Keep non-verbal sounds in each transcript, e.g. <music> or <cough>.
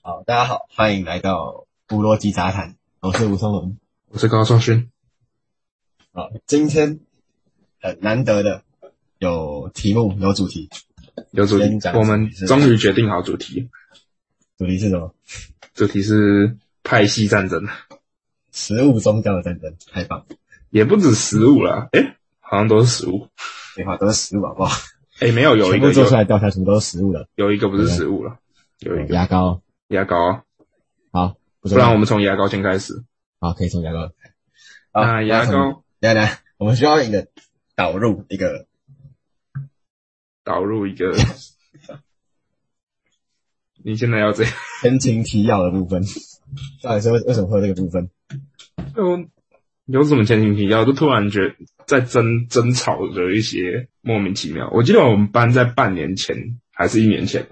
好，大家好，歡迎來到《部落集雜談》。我是吳松文，我是高松勳。好，今天很難得的，有題目，有主題，有主題。主題我們終於決定好主題。主題是什麼？主題是派系戰爭。食物宗教的戰爭，太棒了！也不止食物了，哎、欸，好像都是食物，廢、欸、話都是食物好不好？哎、欸，沒有，有一個做出來掉下去，全部都是食物了。有一個不是食物了，啊、有一個、嗯、牙膏，牙膏，好，不，不然我們從牙膏先開始。好，可以從牙膏。好啊，牙膏，來來，我們需要一個導入一個，導入一個。 <laughs> 你現在要這樣。前情提要的部分，到底是為為什麼會有這個部分？有有什麼前情提要？就突然覺得在爭爭吵着一些莫名其妙。我記得我們班在半年前還是一年前，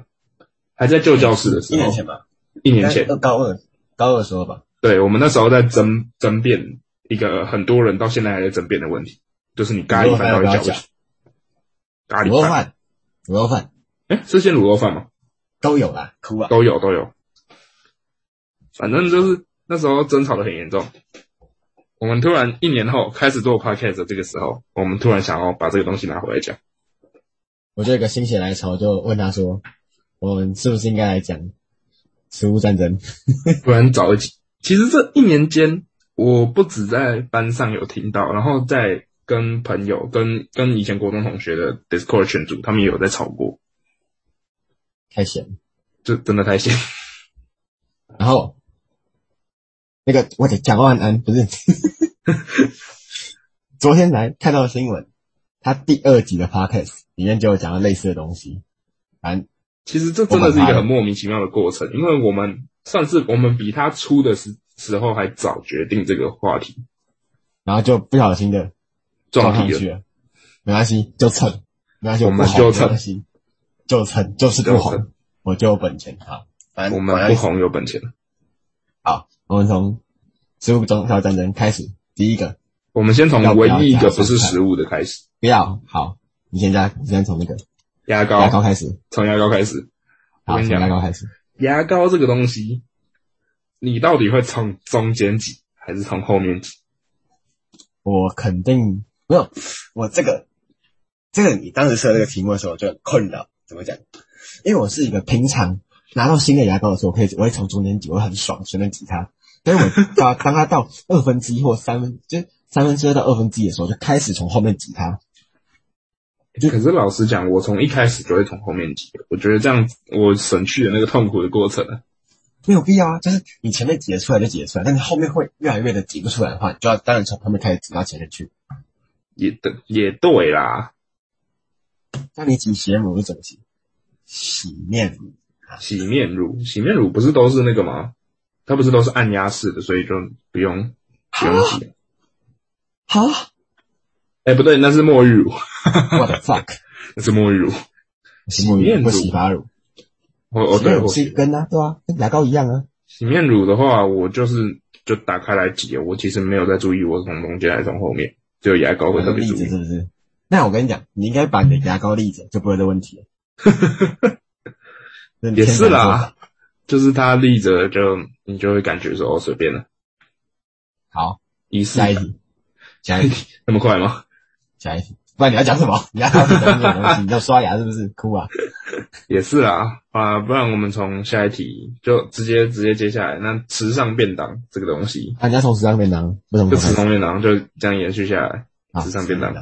還在舊教室的時候，一年前吧，一年前高二高二的時候吧。對，我們那時候在爭爭辯一個很多人到現在還在爭辯的問題，就是你咖喱飯到底叫不叫咖喱飯滷肉飯？哎、欸，是先滷肉飯嗎？都有啊，都有都有，反正就是那時候爭吵的很嚴重。我們突然一年後開始做 podcast 的這個時候，我們突然想要把這個東西拿回來講。我就有個心血來潮，就問他說：“我們是不是應該來講食物戰爭？不 <laughs> 然早一起。其實這一年間，我不只在班上有聽到，然後在跟朋友、跟跟以前國中同學的 Discord 群組，他們也有在吵過。太閒，就真的太閒。然後那個我的蔣萬安不認 <laughs> 呵呵，昨天來看到的新聞，他第二集的 podcast 裡面就有講到類似的東西。反正其實這真的是一個很莫名其妙的過程，因為我們算是我們比他出的時時候還早決定這個話題，然後就不小心的撞上去了。沒關係，就蹭，沒關係，我們就蹭，就蹭，就是不紅，我就有本錢。好，反正好，我們不紅有本錢。好，我們從食物中挑戰爭開始。第一個，我們先從唯一一個不是食物的開始。不要好，你先加，你先從那個牙膏，牙膏開始，從牙膏開始。好牙膏開始。牙膏這個東西，你到底會從中間擠還是從後面擠？我肯定沒有。我這個，這個你當時設這個題目的時候，我就很困擾。怎麼講？因為我是一個平常拿到新的牙膏的時候，我可以我會從中間擠，我很爽，隨便擠它。所 <laughs> 以我把當它到二分之一或三分就三、是、分之二到二分之一的時候，就開始從後面擠它。就可是老實講，我從一開始就會從後面擠。我覺得這樣我省去了那個痛苦的過程，沒有必要。啊，就是你前面擠得出來就擠得出來，但是你後面會越來越的擠不出來的話，你就要當然從後面開始擠到前面去。也對，也對啦。那你擠洗面乳是怎麼擠？洗面乳，洗面乳，洗面乳不是都是那個嗎？它不是都是按壓式的，所以就不用、啊、不用擠。好、啊，哎、欸，不對，那是沐浴乳。What the fuck， <laughs> 那是沐浴乳墨玉，洗面乳不洗髮乳。哦哦，對，我跟啊，對啊，跟牙膏一樣啊。洗面乳的話，我就是就打開來擠，我其實沒有在注意我是從中間還是從後面，只有牙膏會特別注意、啊、是不是。那我跟你講，你應該把你的牙膏立着 <laughs> 就不會的問題了。 <laughs> 也是啦。就是它立着，就你就會感覺說哦，隨便了。好，一，下一題，下一題， <laughs> 那麼快嗎？下一題，不然你要講什麼？你要什麼東西 <laughs> 你要刷牙是不是？哭啊！也是啊，啊，不然我們從下一題就直接直接接下來，那池上便當這個東西，那、啊、你要從池上便當，為什麼就池上便當，就便當，就這樣延續下來，池上便當。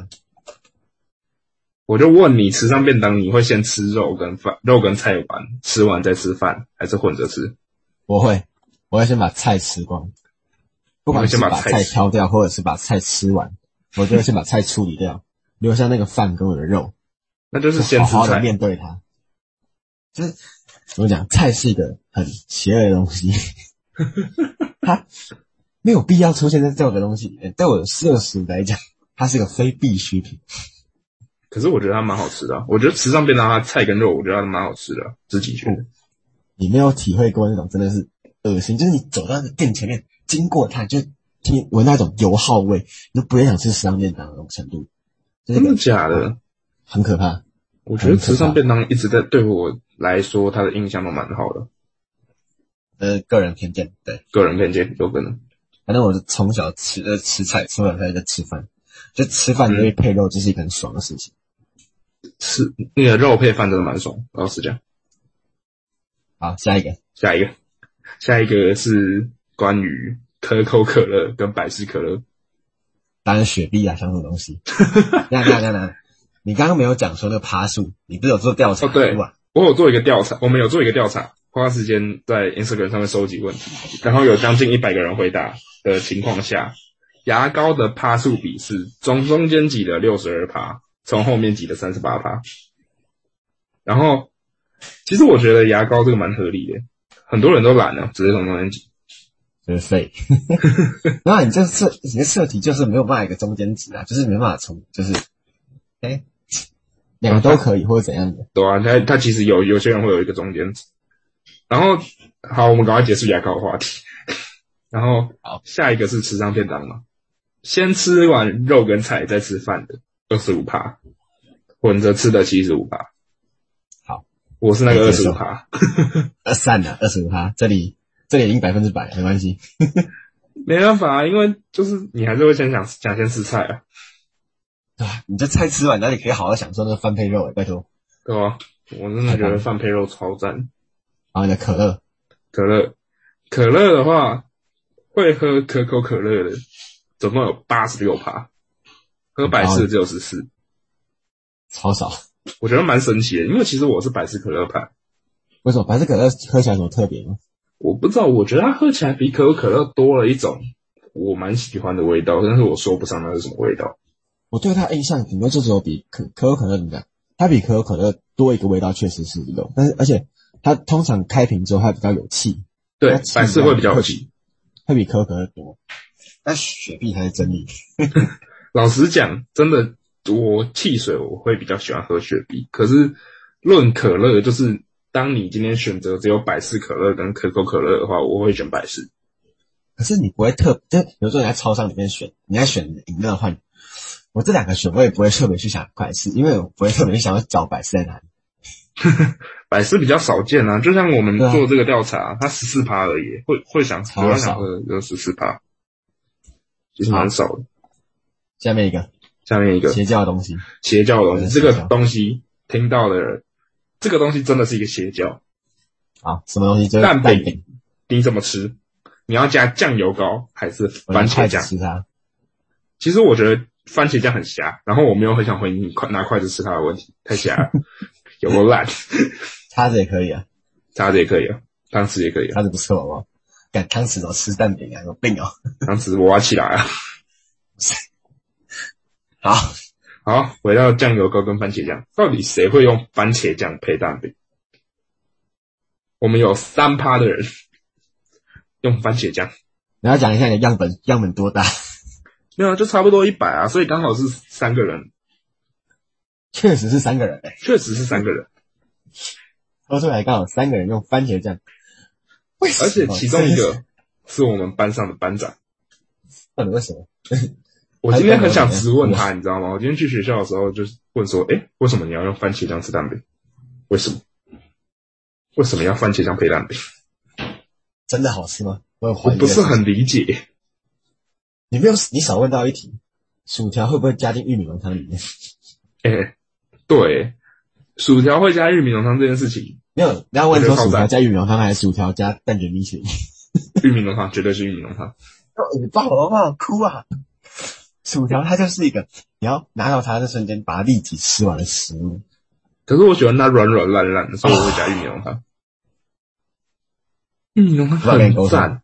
我就問你，池上便當，你會先吃肉跟飯，肉跟菜丸吃完再吃飯，還是混着吃？我會，我會先把菜吃光，不管先把菜挑掉，或者是把菜吃完，我都會先把菜處理掉， <laughs> 留下那個飯跟我的肉。那就是先好好的面對它，就是怎麼講，菜是一個很邪惡的東西，它 <laughs> 沒有必要出現在這個東西、欸。對我的攝食來講，它是一個非必需品。可是我覺得它蠻好吃的、啊，我覺得池上便當它的菜跟肉，我覺得蠻好吃的。自己去、嗯，你沒有體會過那種真的是噁心，就是你走到店前面，經過它就聽聞那種油耗味，你就不會想吃池上便當的那種程度。就是、真的假的、嗯？很可怕。我覺得池上便當一直在對我來說，他的印象都蠻好的。呃，個人偏見對，個人偏見有可能。反正我是從小吃呃吃菜，從小開始在吃飯，就吃飯就會配肉，這是一個很爽的事情。嗯是那個肉配飯真的蠻爽，然後是這樣。好，下一個，下一個，下一個是關於可口可樂跟百事可樂，當然雪碧啊像這種東西。哈哈哈哈哈！ <laughs> 你剛剛沒有講說那個趴數，你不是有做調查、哦？對，我有做一個調查，我們有做一個調查，花時間在 Instagram 上面收集問題，然後有將近一百個人回答的情況下，牙膏的趴數比是從中間擠的六十二趴。從後面擠的三十八趴，然後其實我覺得牙膏這個蠻合理的，很多人都懶了，直接從中間擠就是廢 <laughs> 。 <laughs> 那你這設，你的設題就是沒有辦法一個中間值，啊，就是沒辦法從就是哎、okay、兩個都可以或者怎樣的？對啊，他他，他其實有有些人會有一個中間值。然後好，我們趕快結束牙膏的話題。然後好，下一個是吃上便當了。先吃完肉跟菜再吃飯的，二十五趴，混着吃的七十五趴。好，我是那個二十五趴。 <laughs> 二三了，二十五趴，這裡這裡已經百分之百，沒關係。呵呵沒辦法啊，因為就是你還是會先想想先吃菜啊。對啊，你這菜吃完，那你可以好好享受那個飯配肉誒、欸，拜托。對啊，我真的覺得飯配肉超讚。然後你的可樂，可樂，可樂的話，會喝可口可樂的總共有八十六趴。百事就是四，超少，我覺得蠻神奇的，因為其實我是百事可樂派。為什麼百事可樂喝起來有特別呢？我不知道，我覺得它喝起來比可口可樂多了一種我蠻喜歡的味道，但是我說不上它是什麼味道。我對它印象裡面就只有比可可口可樂，你講它比可口可樂多一個味道確實是一種，但是而且它通常開瓶之後它比較有氣，對，氣，百事會比較有氣，會比，比可口可樂多。但雪碧它是真理 <laughs> 老實講，真的，我汽水我會比較喜歡喝雪碧。可是論可樂，就是當你今天選擇只有百事可樂跟可口可樂的話，我會選百事。可是你不會特，就比如時你在超商裡面選，你在選飲料的話，我這兩個選，我也不會特別去想百事，因為我不會特別想要找百事在哪裡。 <laughs> 百事比較少見啊，就像我們做這個調查，啊啊，它十四趴而已，會會想我要想喝就十四趴，其實蠻少的。下面一個，下面一個邪教的東西，邪教的東西，這個東西聽到的人，這個東西真的是一個邪教。好、啊，什麼東西？就是、蛋，餅蛋餅，你怎麼吃？你要加醬油膏還是番茄醬？其實我覺得番茄醬很瞎，然後我沒有很想回你。拿筷子吃它的問題，太瞎了， <laughs> 有夠辣。叉子也可以啊，叉子也可以啊，湯匙也可以、啊。叉子不錯哦，敢湯匙怎麼？吃蛋餅啊，有病啊、哦。湯匙我挖起來啊。 <laughs> 好好，回到醬油膏跟番茄醬，到底誰會用番茄醬配蛋餅？我們有三趴的人用番茄醬，你要講一下你的樣本樣本多大？沒有啊，就差不多一百啊，所以剛好是三個人，確實是三個人欸，確實是三個人，說出來剛好三個人用番茄醬，為什麼？而且其中一個是我們班上的班長，到底為什麼？我今天很想質問他，你知道嗎？我今天去學校的時候，就是問說、欸：“為為什麼你要用番茄醬吃蛋餅？為什麼？為什麼要番茄醬配蛋餅？真的好吃嗎？”我有懷疑，我不是很理解。你沒有，你少問到一題。薯條會不會加進玉米濃湯裡面？對、欸。對，薯條會加玉米濃湯這件事情沒有。你要我問說，薯條加玉米濃湯還是薯條加蛋卷冰淇淋？玉米濃湯絕對是玉米濃湯。你爸，我哭啊！薯條它就是一個你要拿到它的瞬間，把它立即吃完的食物。可是我喜歡它軟軟爛爛的，所以我會加玉米濃湯。玉米濃湯很讚。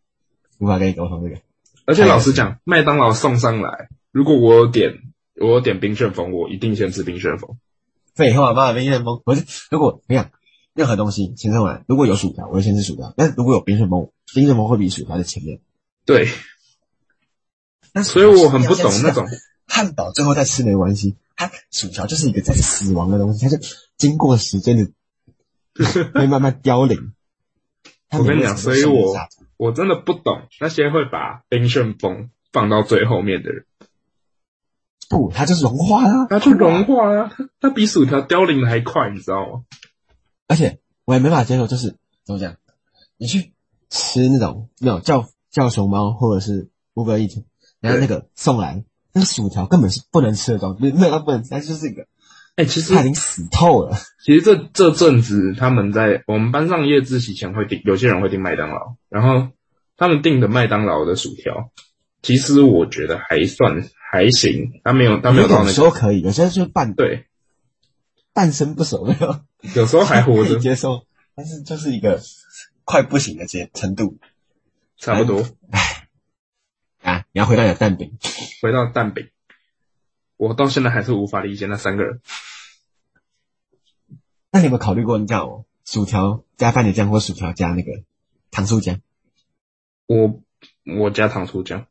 無法跟你溝通這個。而且老實講，麥當勞送上來，如果我有點我有點冰炫風，我一定先吃冰炫風。對，以喝完冰炫風，不是如果怎樣，任何東西先吃完，如果有薯條，我就先吃薯條。但是如果有冰炫風，冰炫風會比薯條在前面。對。所以我很不懂那種漢堡，最後再吃沒關係。它薯條就是一個在死亡的東西，它就經過時間的，會慢慢凋零。我跟你講，所以我我真的不懂那些會把冰炫風放到最後面的人。不、哦，它就是融化了，它就融化了。它它比薯條凋零的還快，你知道嗎？而且我也沒法接受，就是怎麼講，你去吃那種那種叫叫熊貓或者是 Uber Eats。那個送蘭，那個薯條根本是不能吃的東西，沒那都不能吃，那就是這個，哎、欸，其實他已經死透了。其實這這陣子他們在我們班上夜自習前會訂，有些人會訂麥當勞，然後他們訂的麥當勞的薯條，其實我覺得還算還行，他沒有他沒有,到、那個、你有說有沒有。有時候可以，有些就半對，半生不熟的。有時候還活着可以接受，但是就是一個快不行的的程度，差不多。你要回到你的蛋餅，回到蛋餅，我到現在還是無法理解那三個人。那你有沒有考慮過，你知道嗎？薯條加番茄醬，或薯條加那個糖醋醬？我我加糖醋醬。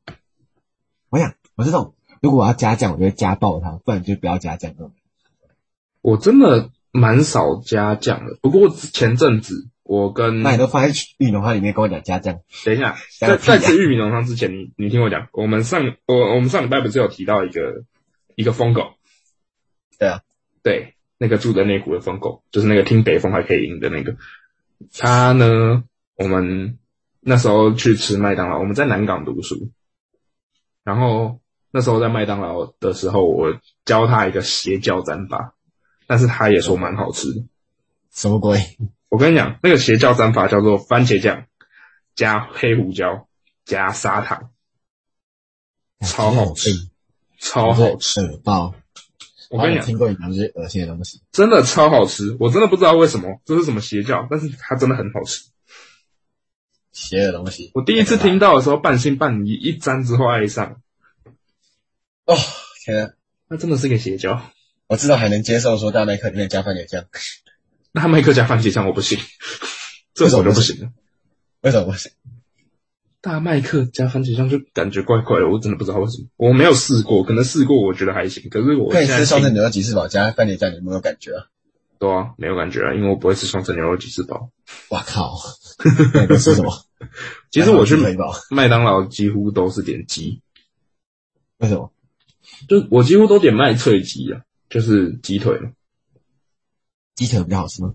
我想，我是這種如果我要加醬，我就會加爆它，不然就不要加醬了。我真的蠻少加醬的，不過前陣子。我跟那你都放在玉米濃湯裡跟我講家政。等一下，在在吃玉米濃湯之前，你你聽我講，我們上我我們上禮拜不是有提到一個一個瘋狗？對啊，對，那個住的那股的瘋狗，就是那個聽北風還可以贏的那個。他呢，我們那時候去吃麥當勞，我們在南港讀書，然後那時候在麥當勞的時候，我教他一個邪教戰法，但是他也說蠻好吃的。什麼鬼？我跟你講，那個邪教蘸法叫做番茄醬加黑胡椒加砂糖，超好吃，超好吃到我跟你講，我聽過你講這些噁心的東西，真的超好吃，我真的不知道為什麼這是什麼邪教，但是它真的很好吃。邪的東西，我第一次聽到的時候半信半疑，一沾之後愛上。哦天啊，那真的是個邪教。我知道還能接受說大麥克裡面加番茄醬。大麥克加番茄醬我不信，這種就不行了，為什麼就不行？為什麼不行？大麥克加番茄醬就感覺怪怪的，我真的不知道為什麼。我沒有試過，可能試過我覺得還行。可是我，那你吃雙層牛肉吉士堡加番茄醬有沒有感覺啊？對啊，沒有感覺啊，因為我不會吃雙層牛肉吉士堡。哇靠！你個吃什麼？ <laughs> 其實我去麥當勞幾乎都是點雞，為什麼？就我幾乎都點麥脆雞啊，就是雞腿。雞腿比較好吃嗎？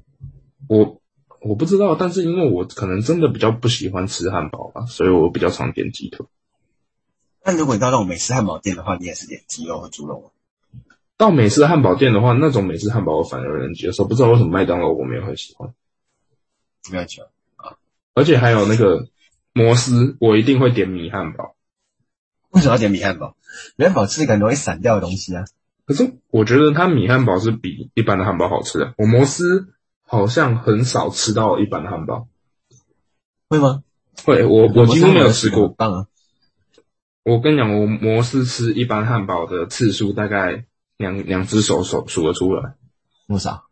我我不知道，但是因為我可能真的比較不喜歡吃漢堡吧，所以我比較常點雞腿。那如果你到那種美式漢堡店的話，你也是點雞肉和豬肉嗎？到美式漢堡店的話，那種美式漢堡我反而能接受，不知道為什麼麥當勞我沒有很喜歡。沒有喜歡啊！而且還有那個摩斯，我一定會點米漢堡。為什麼要點米漢堡？米漢堡是一個很容易散掉的東西啊。可是我覺得它米漢堡是比一般的漢堡好吃的。我摩斯好像很少吃到一般的漢堡，會嗎？會，我、嗯、我幾乎沒有、嗯、吃過、啊。我跟你講，我摩斯吃一般漢堡的次數大概兩兩只手手數得出來，多少。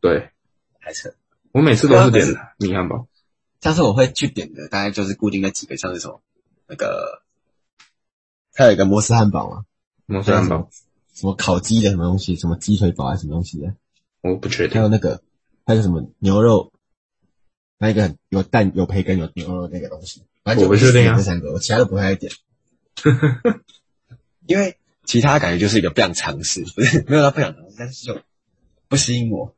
對，還是。我每次都是點米漢堡。下、啊、是，是我會去點的，大概就是固定的幾個，像是什麼？那個，它有一個摩斯漢堡嗎？摩斯漢堡。什麼烤雞的什麼東西？什麼雞腿堡啊？什麼東西的、啊？我不確定。還有那個，還有什麼牛肉？那一個有蛋、有培根、有牛肉的那個東西。我不確定啊。這三個我、啊，我其他都不太會點。 <laughs> 因為其他感覺就是一個不想嘗試，沒有到不想嘗試，但是就不吸引我。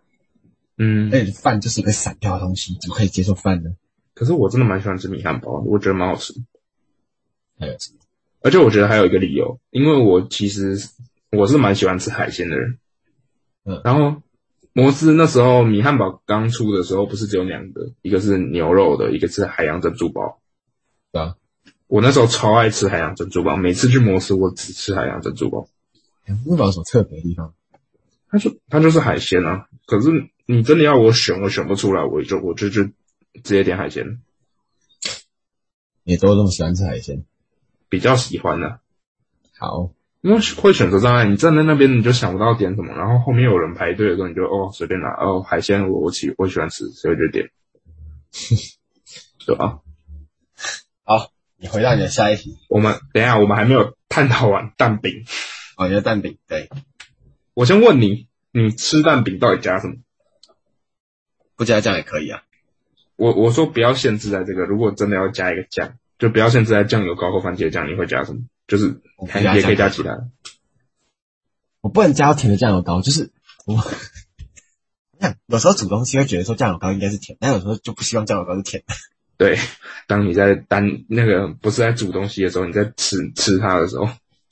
嗯，那飯就是一個散掉的東西，怎麼可以接受飯呢？可是我真的蠻喜歡吃米漢堡，我覺得蠻好吃的。還有什麼，而且我覺得還有一個理由，因為我其實。我是蠻喜歡吃海鮮的人，嗯，然後摩斯那時候米漢堡剛出的時候，不是只有兩個，一個是牛肉的，一個是海洋珍珠堡，啊，我那時候超愛吃海洋珍珠堡，每次去摩斯我只吃海洋珍珠堡。珍珠堡有什麼特別的地方？它就它就是海鮮啊！可是你真的要我選，我選不出來，我就我就就直接點海鮮。你都這麼喜歡吃海鮮？比較喜歡呢。好。因為會選擇障礙，你站在那邊你就想不到點什麼，然後後面有人排隊的時候你就哦隨便拿哦海鮮我我喜我喜歡吃，所以就點，呵 <laughs> 吧、啊？好、哦，你回到你的下一題，我們等一下我們還沒有探討完蛋餅，我覺得蛋餅，對我先問你，你吃蛋餅到底加什麼？不加醬也可以啊，我我說不要限制在這個，如果真的要加一個醬，就不要限制在醬油膏和番茄醬，你會加什麼？就是也你，也可以加其他。我不能加到甜的醬油膏，就是我，你看，有時候煮東西會覺得說醬油膏應該是甜，但有時候就不希望醬油膏是甜的。對，當你在單那個不是在煮東西的時候，你在吃吃它的時候，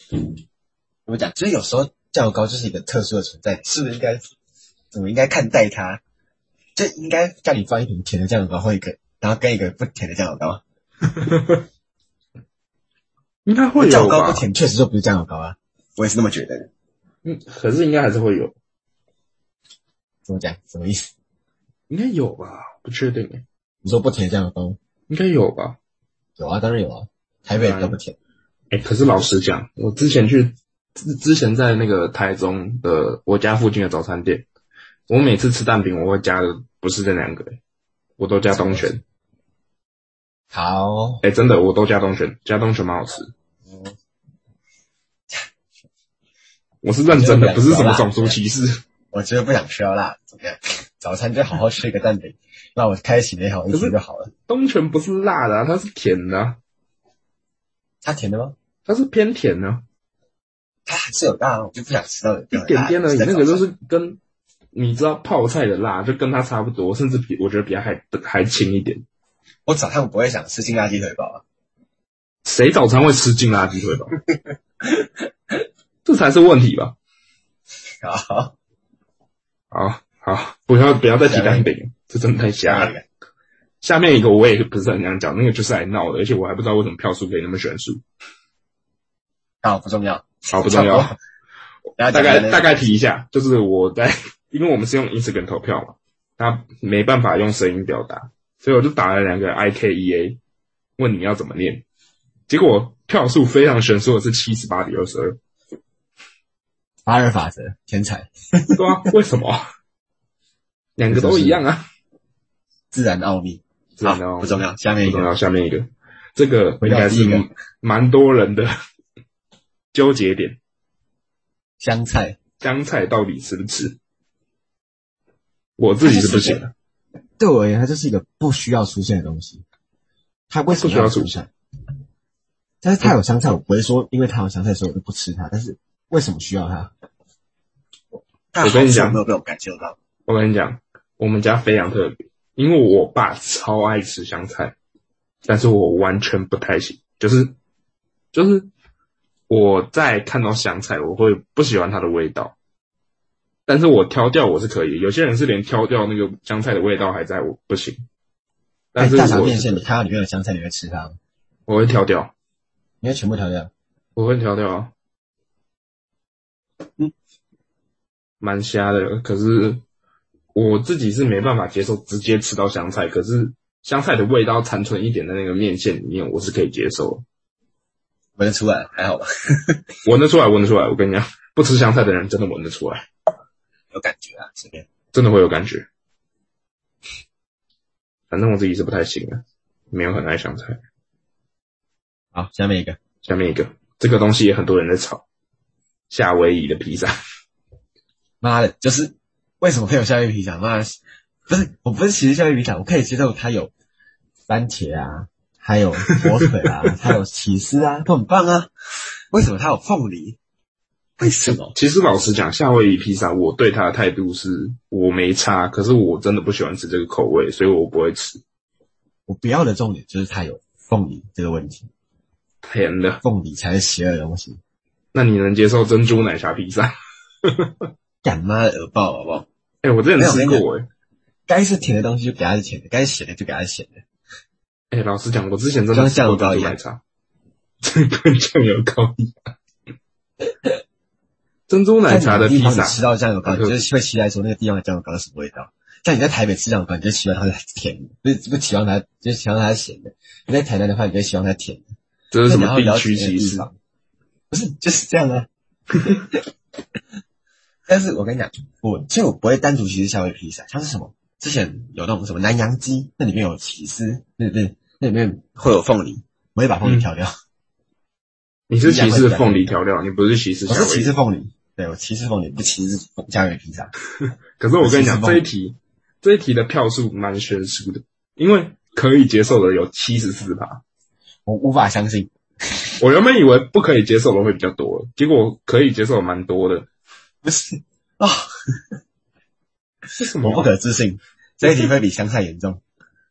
怎麼講？就是有時候醬油膏就是一個特殊的存在，是不是應該怎麼應該看待它？就應該叫你放一瓶甜的醬油膏，或一個然後跟一個不甜的醬油膏。 <laughs> 應該會有吧。醬油膏不甜，確實就不是醬油膏啊。我也是那麼覺得。嗯，可是應該還是會有。怎麼講？什麼意思？應該有吧，不確定。你說不甜醬油膏？應該有吧。有啊，當然有啊。台北都不甜。哎、嗯欸，可是老實講，我之前去之，之前在那個台中的我家附近的早餐店，我每次吃蛋餅，我會加的不是這兩個，我都加東泉。.好，哎、欸，真的，我都加東泉，加東泉蠻好吃、嗯。我是認真的，不，不是什麼種族歧視。我真的不想吃到辣，怎麼樣？早餐就好好吃一個蛋餅， <laughs> 讓我開啟美好的一天，可是就好了。東泉不是辣的、啊，它是甜的、啊。它甜的嗎？它是偏甜的。它還是有辣、啊，我就不想吃到的一點點而已。那個就是跟你知道泡菜的辣，就跟它差不多，甚至比我覺得比它還還輕一點。我早餐不會想吃勁辣雞腿堡啊？誰早餐會吃勁辣雞腿堡？ <laughs> 這才是問題吧。好，好，好，好，不要不要再提蛋餅，這真的太假了。下面一個我也不是很想講，那個就是來鬧的，而且我還不知道為什麼票數可以那麼懸殊。好，不重要。好，不重要。不不大概大概提一下，就是我在，因為我們是用 Instagram 投票嘛，他沒辦法用聲音表達。所以我就打了兩個 IKEA，問你要怎麼念，結果票數非常懸殊的是七十八比二十二。八二法則天才，說、 <laughs> 啊、為什麼？兩個都一樣啊。自然的奧秘，自、啊啊、不重要。下面一個，重要。下面一個，這個應該是蠻多人的糾結點。香菜，香菜到底吃不吃？我自己是不行的。對我而言，它就是一個不需要出現的東西。它為什麼不需要出現？但是它有香菜，我不會說因為它有香菜所以我就不吃它。但是為什麼需要它？我跟你講，有沒有被我感覺到？我跟你講，我們家非常特別，因為我爸超愛吃香菜，但是我完全不太行，就是就是我在看到香菜，我會不喜歡它的味道。但是我挑掉我是可以，有些人是連挑掉那個香菜的味道還在，我不行。但是，是、欸、大腸麵線，你看到裡面有香菜你會吃它嗎？我會挑掉。你要全部挑掉？我會挑掉、啊。嗯，蠻瞎的。可是我自己是沒辦法接受直接吃到香菜，可是香菜的味道殘存一點在那個麵線裡面，我是可以接受。聞得出來還好吧？聞 <laughs> 得出來，聞得出來。我跟你講，不吃香菜的人真的聞得出來。有感覺啊，這邊真的會有感覺。反正我自己是不太行的，沒有很愛香菜。好，下面一個，下面一個，這個東西也很多人在吵。夏威夷的披薩，媽的，就是為什麼會有夏威夷披薩？媽的，不是，我不是歧視夏威夷披薩，我可以接受它有番茄啊，還有火腿啊， <laughs> 還有起司啊，它很棒啊。為什麼它有鳳梨？為什麼？其實老實講，夏威夷披薩，我對它的態度是我沒差，可是我真的不喜歡吃這個口味，所以我不會吃。我不要的重點就是它有鳳梨這個問題，甜的鳳梨才是邪惡的東西。那你能接受珍珠奶茶披薩？ <laughs> 幹媽的耳爆好不好？哎、欸，我之前吃過哎、欸。是該是甜的東西就給他是甜的，該鹹的、的就給他鹹的。哎、欸，老實講，我之前真的吃過珍珠奶茶，跟醬油膏一樣。 <laughs> 有 <laughs> 珍珠奶茶的披薩，吃到醬油膏，就會期待說那個地方的醬油膏是什麼味道？但你在台北吃醬油膏，你就喜歡它甜的，那不，不喜歡它，就喜歡它鹹的。你在台南的話，你就較喜歡它甜的。這是什麼病區歧視？不是，就是這樣啊。 <laughs> 但是，我跟你講，我其實我不會單獨其夏威夷披薩。它是什麼？之前有那種什麼南洋雞，那裡面有起司，那那那裡面會有鳳梨，嗯、我也把鳳梨挑掉、嗯。你是歧視鳳梨挑掉，你不是歧視。我是歧視鳳梨。對，我歧視鳳梨，不歧視嘉遠平常，是 <laughs> 可是我跟你講這一題，這一題的票數蠻懸殊的，因為可以接受的有七十四趴，我無法相信。 <laughs> 我原本以為不可以接受的會比較多，結果可以接受的蠻多的，不是啊？哦、 <laughs> 這是什麼？我不可置信，這一題會比香菜嚴重。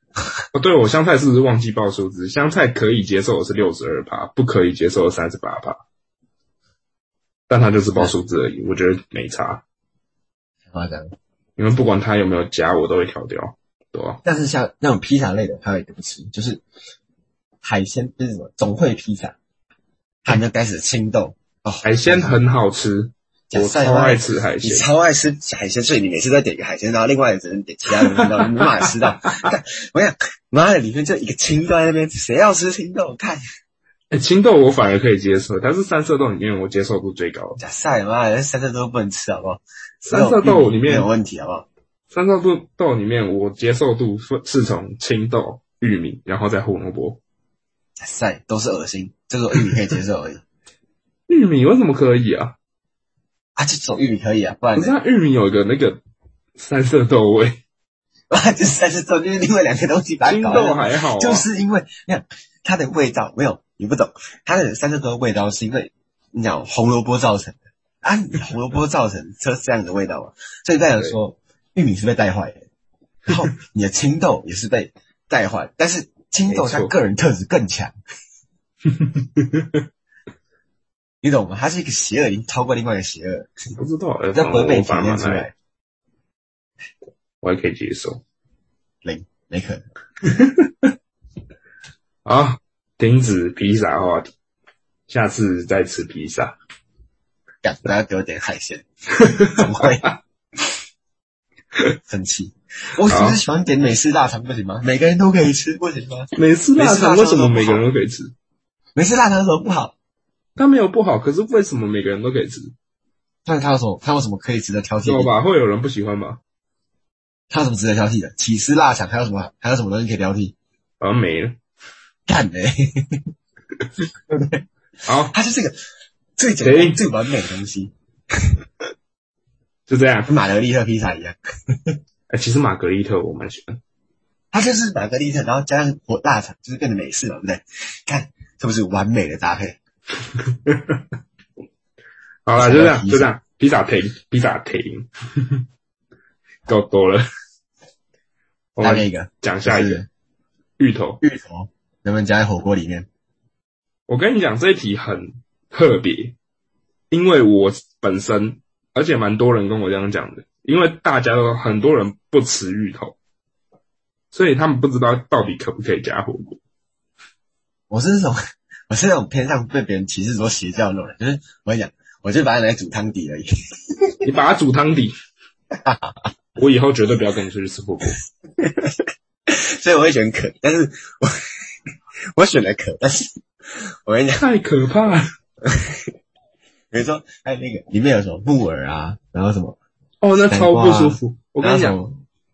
<laughs> 哦，對，我香菜是不是忘記報數字？香菜可以接受的是六十二趴，不可以接受的三十八趴。但它就是包數字而已、嗯，我覺得沒差。誇張，因為不管它有沒有加，我都會挑掉，對吧、啊？但是像那種披薩類的，他會不吃，就是海鮮、就是什麼？總會披薩，他就開始青豆哦。海鮮很好吃、嗯，我超愛吃海鮮，你超愛吃海鮮，所以你每次都點一個海鮮，然後另外只能點其他的，你道，沒辦法吃到。 <laughs> 我想媽的，裡面就一個青豆在那邊，誰要吃青豆？我看。哎、欸，青豆我反而可以接受，但是三色豆裡面我接受度最高。哎塞嘛，三色豆不能吃好不好？三色豆裡面有問題好不好？三色豆豆裡面，豆豆裡面我接受度是從青豆、玉米，然後再胡蘿蔔。哎塞，都是噁心，只、就、有、是、玉米可以接受而已。 <laughs> 玉米為什麼可以啊？啊，這種玉米可以啊，不然。可是它玉米有一個那個三色豆味，啊，就是三色豆就是另外兩個東西白搞。青豆還好、啊，就是因為你看它的味道沒有。你不懂，它的三色豆的味道是因為你講紅蘿蔔造成的啊，你的紅蘿蔔造成這是這樣的味道嗎？所以代表說說玉米是被帶壞的，然後你的青豆也是被帶壞， <laughs> 但是青豆它個人特質更強， <laughs> <laughs> 你懂嗎？它是一個邪惡，已經超過另外一個邪惡。不知道在北美提煉出來我也可以接受，零沒可能。 <laughs> 啊。停止披薩話題，下次再吃披薩。要不要點海鮮？ <laughs> 怎麼會會？生 <laughs> 氣？我只是喜歡點美式臘腸，不行嗎？每個人都可以吃，不行嗎？美式臘腸為什麼每個人都可以吃？美式臘腸有什麼不好？它沒有不好，可是為什麼每個人都可以吃？那它有什麼？它有什麼可以值得挑剔？好吧，會有人不喜歡嗎？它有什麼值得挑剔的？起司臘腸還有什麼？還有什麼東西可以挑剔？好像沒了。干的、欸，對 <laughs> 不對？好，它就是這個最簡單、欸、最完美的東西，就這樣，跟瑪格麗特披薩一樣。哎、欸，其實瑪格麗特我蠻喜歡，它就是瑪格麗特，然後加上火大腸，就是變得美式了，對不對？看，是不是完美的搭配？ <laughs> 好了，Pisa, 就這樣，就這樣，披薩停，披薩停，夠多了。下面一個，講下一個、就是，芋頭，芋頭。芋頭能不能加在火鍋裡面？我跟你講，這一題很特別，因為我本身而且蠻多人跟我這樣講的，因為大家都很多人不吃芋頭，所以他們不知道到底可不可以加火鍋。我是那種我是那種偏向被別人歧視說邪教的那種，就是我跟你講，我就把它來煮湯底而已， <laughs> 你把它煮湯底， <laughs> 我以後絕對不要跟你出去吃火鍋， <laughs> 所以我會選可，但是我。我選的可，但是我跟你講，太可怕了。比如說，還、欸、有那個裡面有什麼木耳啊，然後什麼、啊，哦，那超不舒服。我跟你講，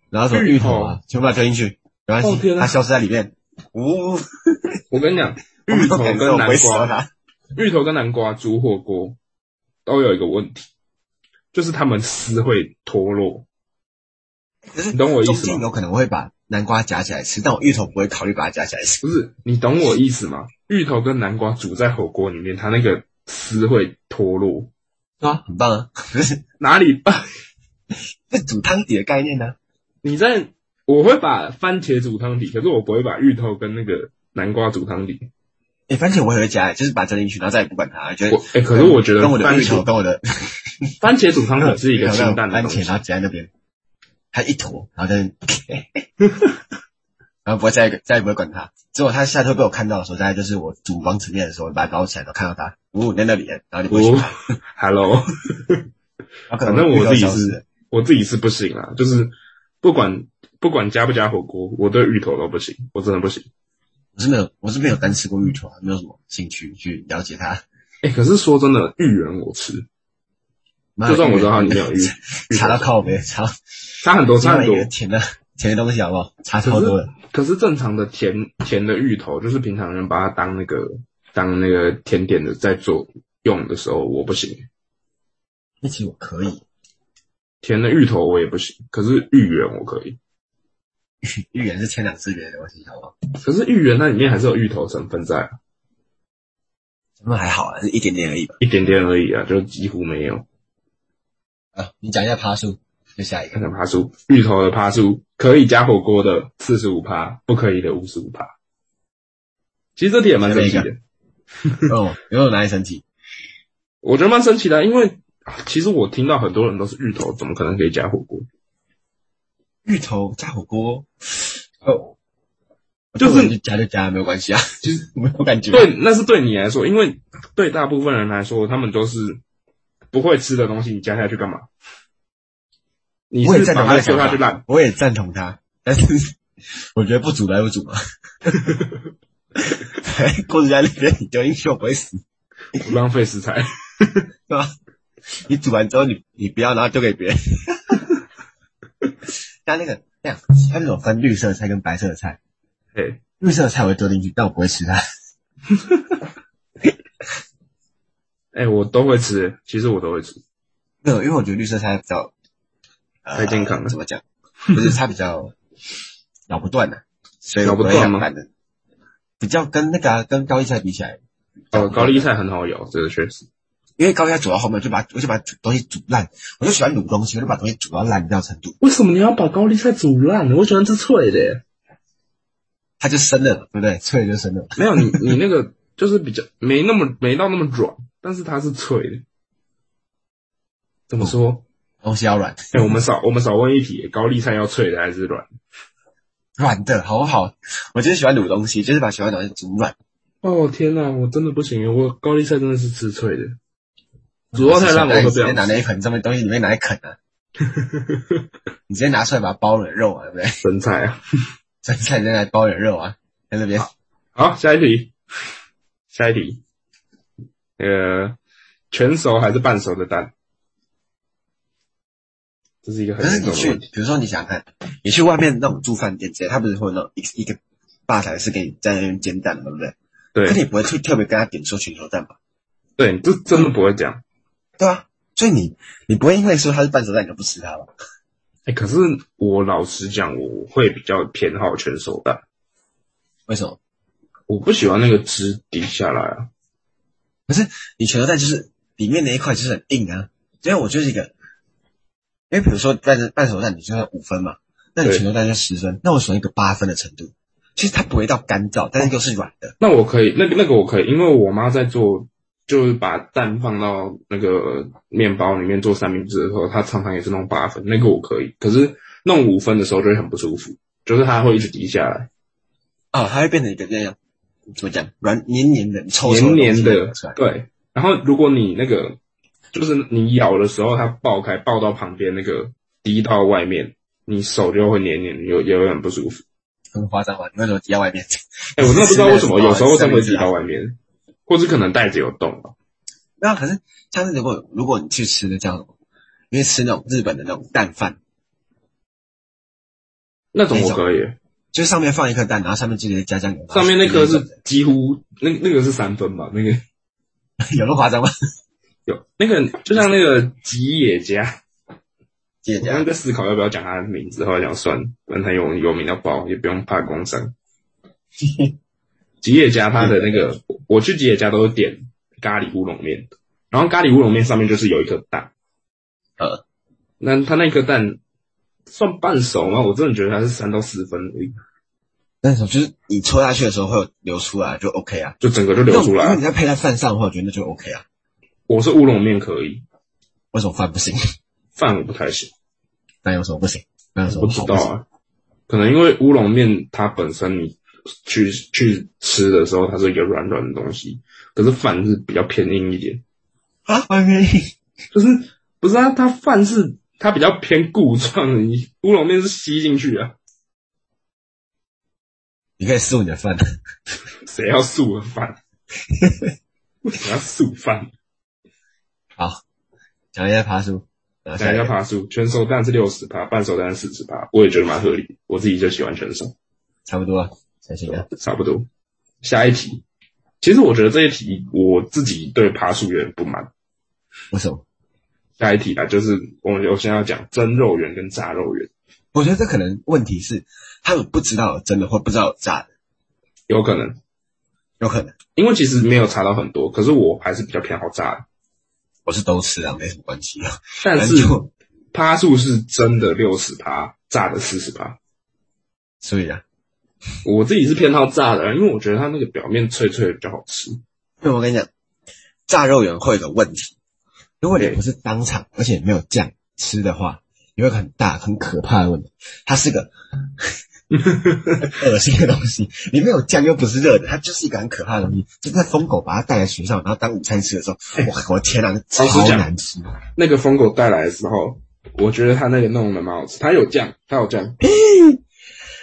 然後什麼芋頭啊，全部把它丟進去，然後、哦啊、它消失在裡面。哦，我跟你講，芋頭跟南瓜，芋頭跟南瓜煮火鍋都有一個問題，就是它們絲會脫落。就是你懂我意思嗎？有可能我會把。南瓜夾起來吃，但我芋頭不會考慮把它夾起來吃。不是，你懂我意思嗎？芋頭跟南瓜煮在火鍋裡面，它那個絲會脫落，啊，很棒啊！ <laughs> 哪裡棒？那 <laughs> 煮湯底的概念呢、啊？你在我會把番茄煮湯底，可是我不會把芋頭跟那個南瓜煮湯底。哎、欸，番茄我也會加、欸，就是把整理取掉，然後再也不管它。覺得哎、欸，可是我覺得番，我的我的 <laughs> 番茄煮湯底 <laughs> 是一個清淡的番茄，然後夾在那邊。他一坨，然後在，那， <laughs> 然後不會再再也不會管他。之後他下次被我看到的時候，大概就是我煮方便麵的時候，把它撈起來，然後看到他，嗚、哦、在那裡，然後你不行，Hello，、哦、 <laughs> 反正我自己是，我自己是不行啊，就是不管不管加不加火鍋，我對芋頭都不行，我真的不行。我是沒有，我是沒有單吃過芋頭，啊，沒有什麼興趣去了解它。哎、欸，可是說真的，芋圓我吃。就算我知道它裡面有芋頭，你查到靠北查查很多，查很多甜的甜的東西好不好？查超多的。可是正常的甜甜的芋頭，就是平常人把它當那個當那個甜點的在做用的時候，我不行。那其實我可以，甜的芋頭我也不行，可是芋圓我可以。芋、芋圓是千兩次元的問題，好不好？可是芋圓那裡面還是有芋頭成分在。那還好啊，是一點點而已吧。一點點而已啊，就幾乎沒有。哦、你講一下趴數，就下一個。看看趴數，芋頭的趴數可以加火鍋的四十五趴，不可以的五十五趴。其實這題也蠻神奇的、那個，哦，有沒有哪裡神奇？ <laughs> 我覺得蠻神奇的，因為其實我聽到很多人都是芋頭，怎麼可能可以加火鍋？芋頭加火鍋哦，就是你加就加，沒有關係啊，其、就、實、是、沒有感覺、啊。對，那是對你來說，因為對大部分人來說，他們都是。不會吃的東西，你加下去幹嘛？你是把它丟下去爛？我也贊同，同他，但是我覺得不煮白不煮吧。哈哈哈哈哈！鍋子在裡面，你丟進去我不會死，浪費食材，是吧？你煮完之後你，你你不要，然後丟給別人。哈哈哈哈哈！像那個，像他那種分綠色菜跟白色的菜，對、hey.，綠色的菜我會丟進去，但我不會吃它。哈哈。哎、欸，我都會吃，其實我都會吃。沒有，因為我覺得綠色菜比較太健康了。呃、怎麼講？就 <laughs> 是它比較咬不斷的、啊，所以咬不斷的比較跟那個、啊、跟高麗菜比起來比，哦，高麗菜很好咬、嗯，這個確實。因為高麗菜煮到後面就把我就把東西煮爛，我就喜歡滷東西，我就把東西煮到爛掉程度。為什麼你要把高麗菜煮爛呢？我喜歡吃脆的。它就生的，對不對？脆的就生的。沒有你 <laughs> 你那個就是比較沒那麼沒到那麼軟。但是它是脆的，怎麼說？東西要軟。哎、欸，我們少我們少問一題。高麗菜要脆的還是軟？軟的好不好？我就是喜歡滷東西，就是把喜歡的東西煮軟。哦，天哪，我真的不行，我高麗菜真的是吃脆的。煮高麗菜，讓我直接拿那一盆上面東西裡面拿來啃啊！ <laughs> 你直接拿出來把它包軟肉啊，對不對？生菜啊，生菜直接包軟肉啊，在那邊。好，下一題，下一題。呃，全熟還是半熟的蛋？這是一個很的。但是你去，比如說你想想看，你去外面那種住飯店之類，他不是會有那一一個吧檯是給你在那邊煎蛋的，對不對？對。那你不會去特別跟他點說全熟蛋吧？對，你就真的不會這樣。對啊，所以你你不會因為說它是半熟蛋，你就不吃它吧？哎、欸，可是我老實講，我會比較偏好全熟蛋。為什麼？我不喜歡那個汁滴下來啊。可是你全熟蛋就是裡面那一塊就是很硬啊，因為我就是一個，因為比如說半半熟蛋，你就要五分嘛，那你全熟蛋就要十分，那我選一個八分的程度，其實它不會到乾燥，但是就是軟的。那我可以，那那個我可以，因為我媽在做，就是把蛋放到那個麵包裡面做三明治的時候，她常常也是弄八分，那個我可以。可是弄五分的時候就會很不舒服，就是它會一直滴下來。啊、哦，它會變成一個這樣。怎麼講？軟黏黏的、的、出來的，黏黏的。對，然後如果你那個，就是你咬的時候，它爆開，爆到旁邊那個滴到外面，你手就會黏黏，有有點不舒服。很誇張吧，那種滴到外面？哎、欸，我真的不知道為什麼有，有時候真的會滴到外面，啊、或者可能袋子有洞吧。那可是，像是如果如果你去吃那叫什麼？因為吃那種日本的那種蛋飯，那種、那種、那種我可以。就上面放一顆蛋，然後下面直接加醬油。上面那顆是幾乎那那個是三分吧？那個有那麼誇張嗎？有，那個就像那個吉野家，吉野家那，在思考要不要講他的名字，後來講算，反正有有名到爆，也不用怕工商。 <laughs> 吉野家他的那個， <laughs> 我去吉野家都是點咖喱烏龍麵，然後咖喱烏龍麵上面就是有一顆蛋。呃，那他那顆蛋。算半熟嗎？我真的覺得它是三到四分而已。那種就是你戳下去的時候會有流出來，就 OK 啊，就整個就流出來。因為你要配在飯上的話，我覺得那就 OK 啊。我是烏龍麵可以，為什麼飯不行？飯我不太行。那有什麼不行？那有什麼？我不知道啊，啊。可能因為烏龍麵它本身你去去吃的時候，它是一個軟軟的東西，可是飯是比較偏硬一點啊。偏硬，就是不是啊？它飯是。它比較偏固狀的烏龍麵是吸進去啊的。你可以素你的飯，誰要素飯？ <laughs> 為什麼要素飯？好，講一下爬樹，講一下爬樹。全熟當然是六十趴，半熟蛋四十趴，我也覺得蠻合理。我自己就喜歡全熟，差不多，啊，才行啊差不多。下一題，其實我覺得這一題我自己對爬樹有點不滿，為什麼？開題了，就是我我先要講蒸肉圓跟炸肉圓。我覺得這可能問題是他們不知道蒸的或不知道炸的。有可能，有可能，因為其實沒有查到很多，可是我還是比較偏好炸的。我是都吃啊，沒什麼關係啊。但是趴數是蒸的六十趴，炸的四十趴。所以啊， <laughs> 我自己是偏好炸的，因為我覺得它那個表面脆脆的比較好吃。所以我跟你講，炸肉圓會的問題。如果你不是當場，欸、而且沒有醬吃的話，有一個很大、很可怕的問題，它是個噁心的東西。你沒有醬又不是熱的，它就是一個很可怕的東西。就在瘋狗把它帶來學校，然後當午餐吃的時候，哇！我天哪、啊欸，超級難吃。那個瘋狗帶來的時候，我覺得他那個弄的蠻好吃，它有醬，它有醬。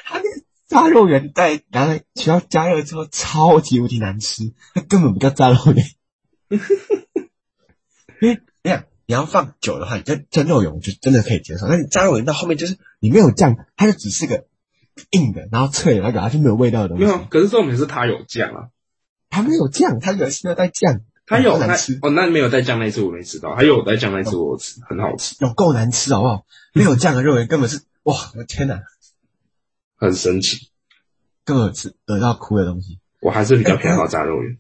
他、欸、那個炸肉圓帶拿來學校加熱之後，超級無敵難吃，它根本不叫炸肉圓。 <laughs> 你要放久的話，你這蒸肉圓就真的可以接受。那你炸肉圓到後面就是你沒有醬，它就只是個硬的，然後脆的那個，然後它就沒有味道的東西。沒有，可是重點是它有醬啊，它沒有醬，它原來是那帶醬，它有哦。那沒有帶醬那一次我沒吃到，它有帶醬那一次我吃很好吃，有夠難吃好不好？沒有醬的肉圓根本是哇，我的天哪、啊，很神奇，夠難吃到哭的東西。我還是比較偏好炸肉圓、欸，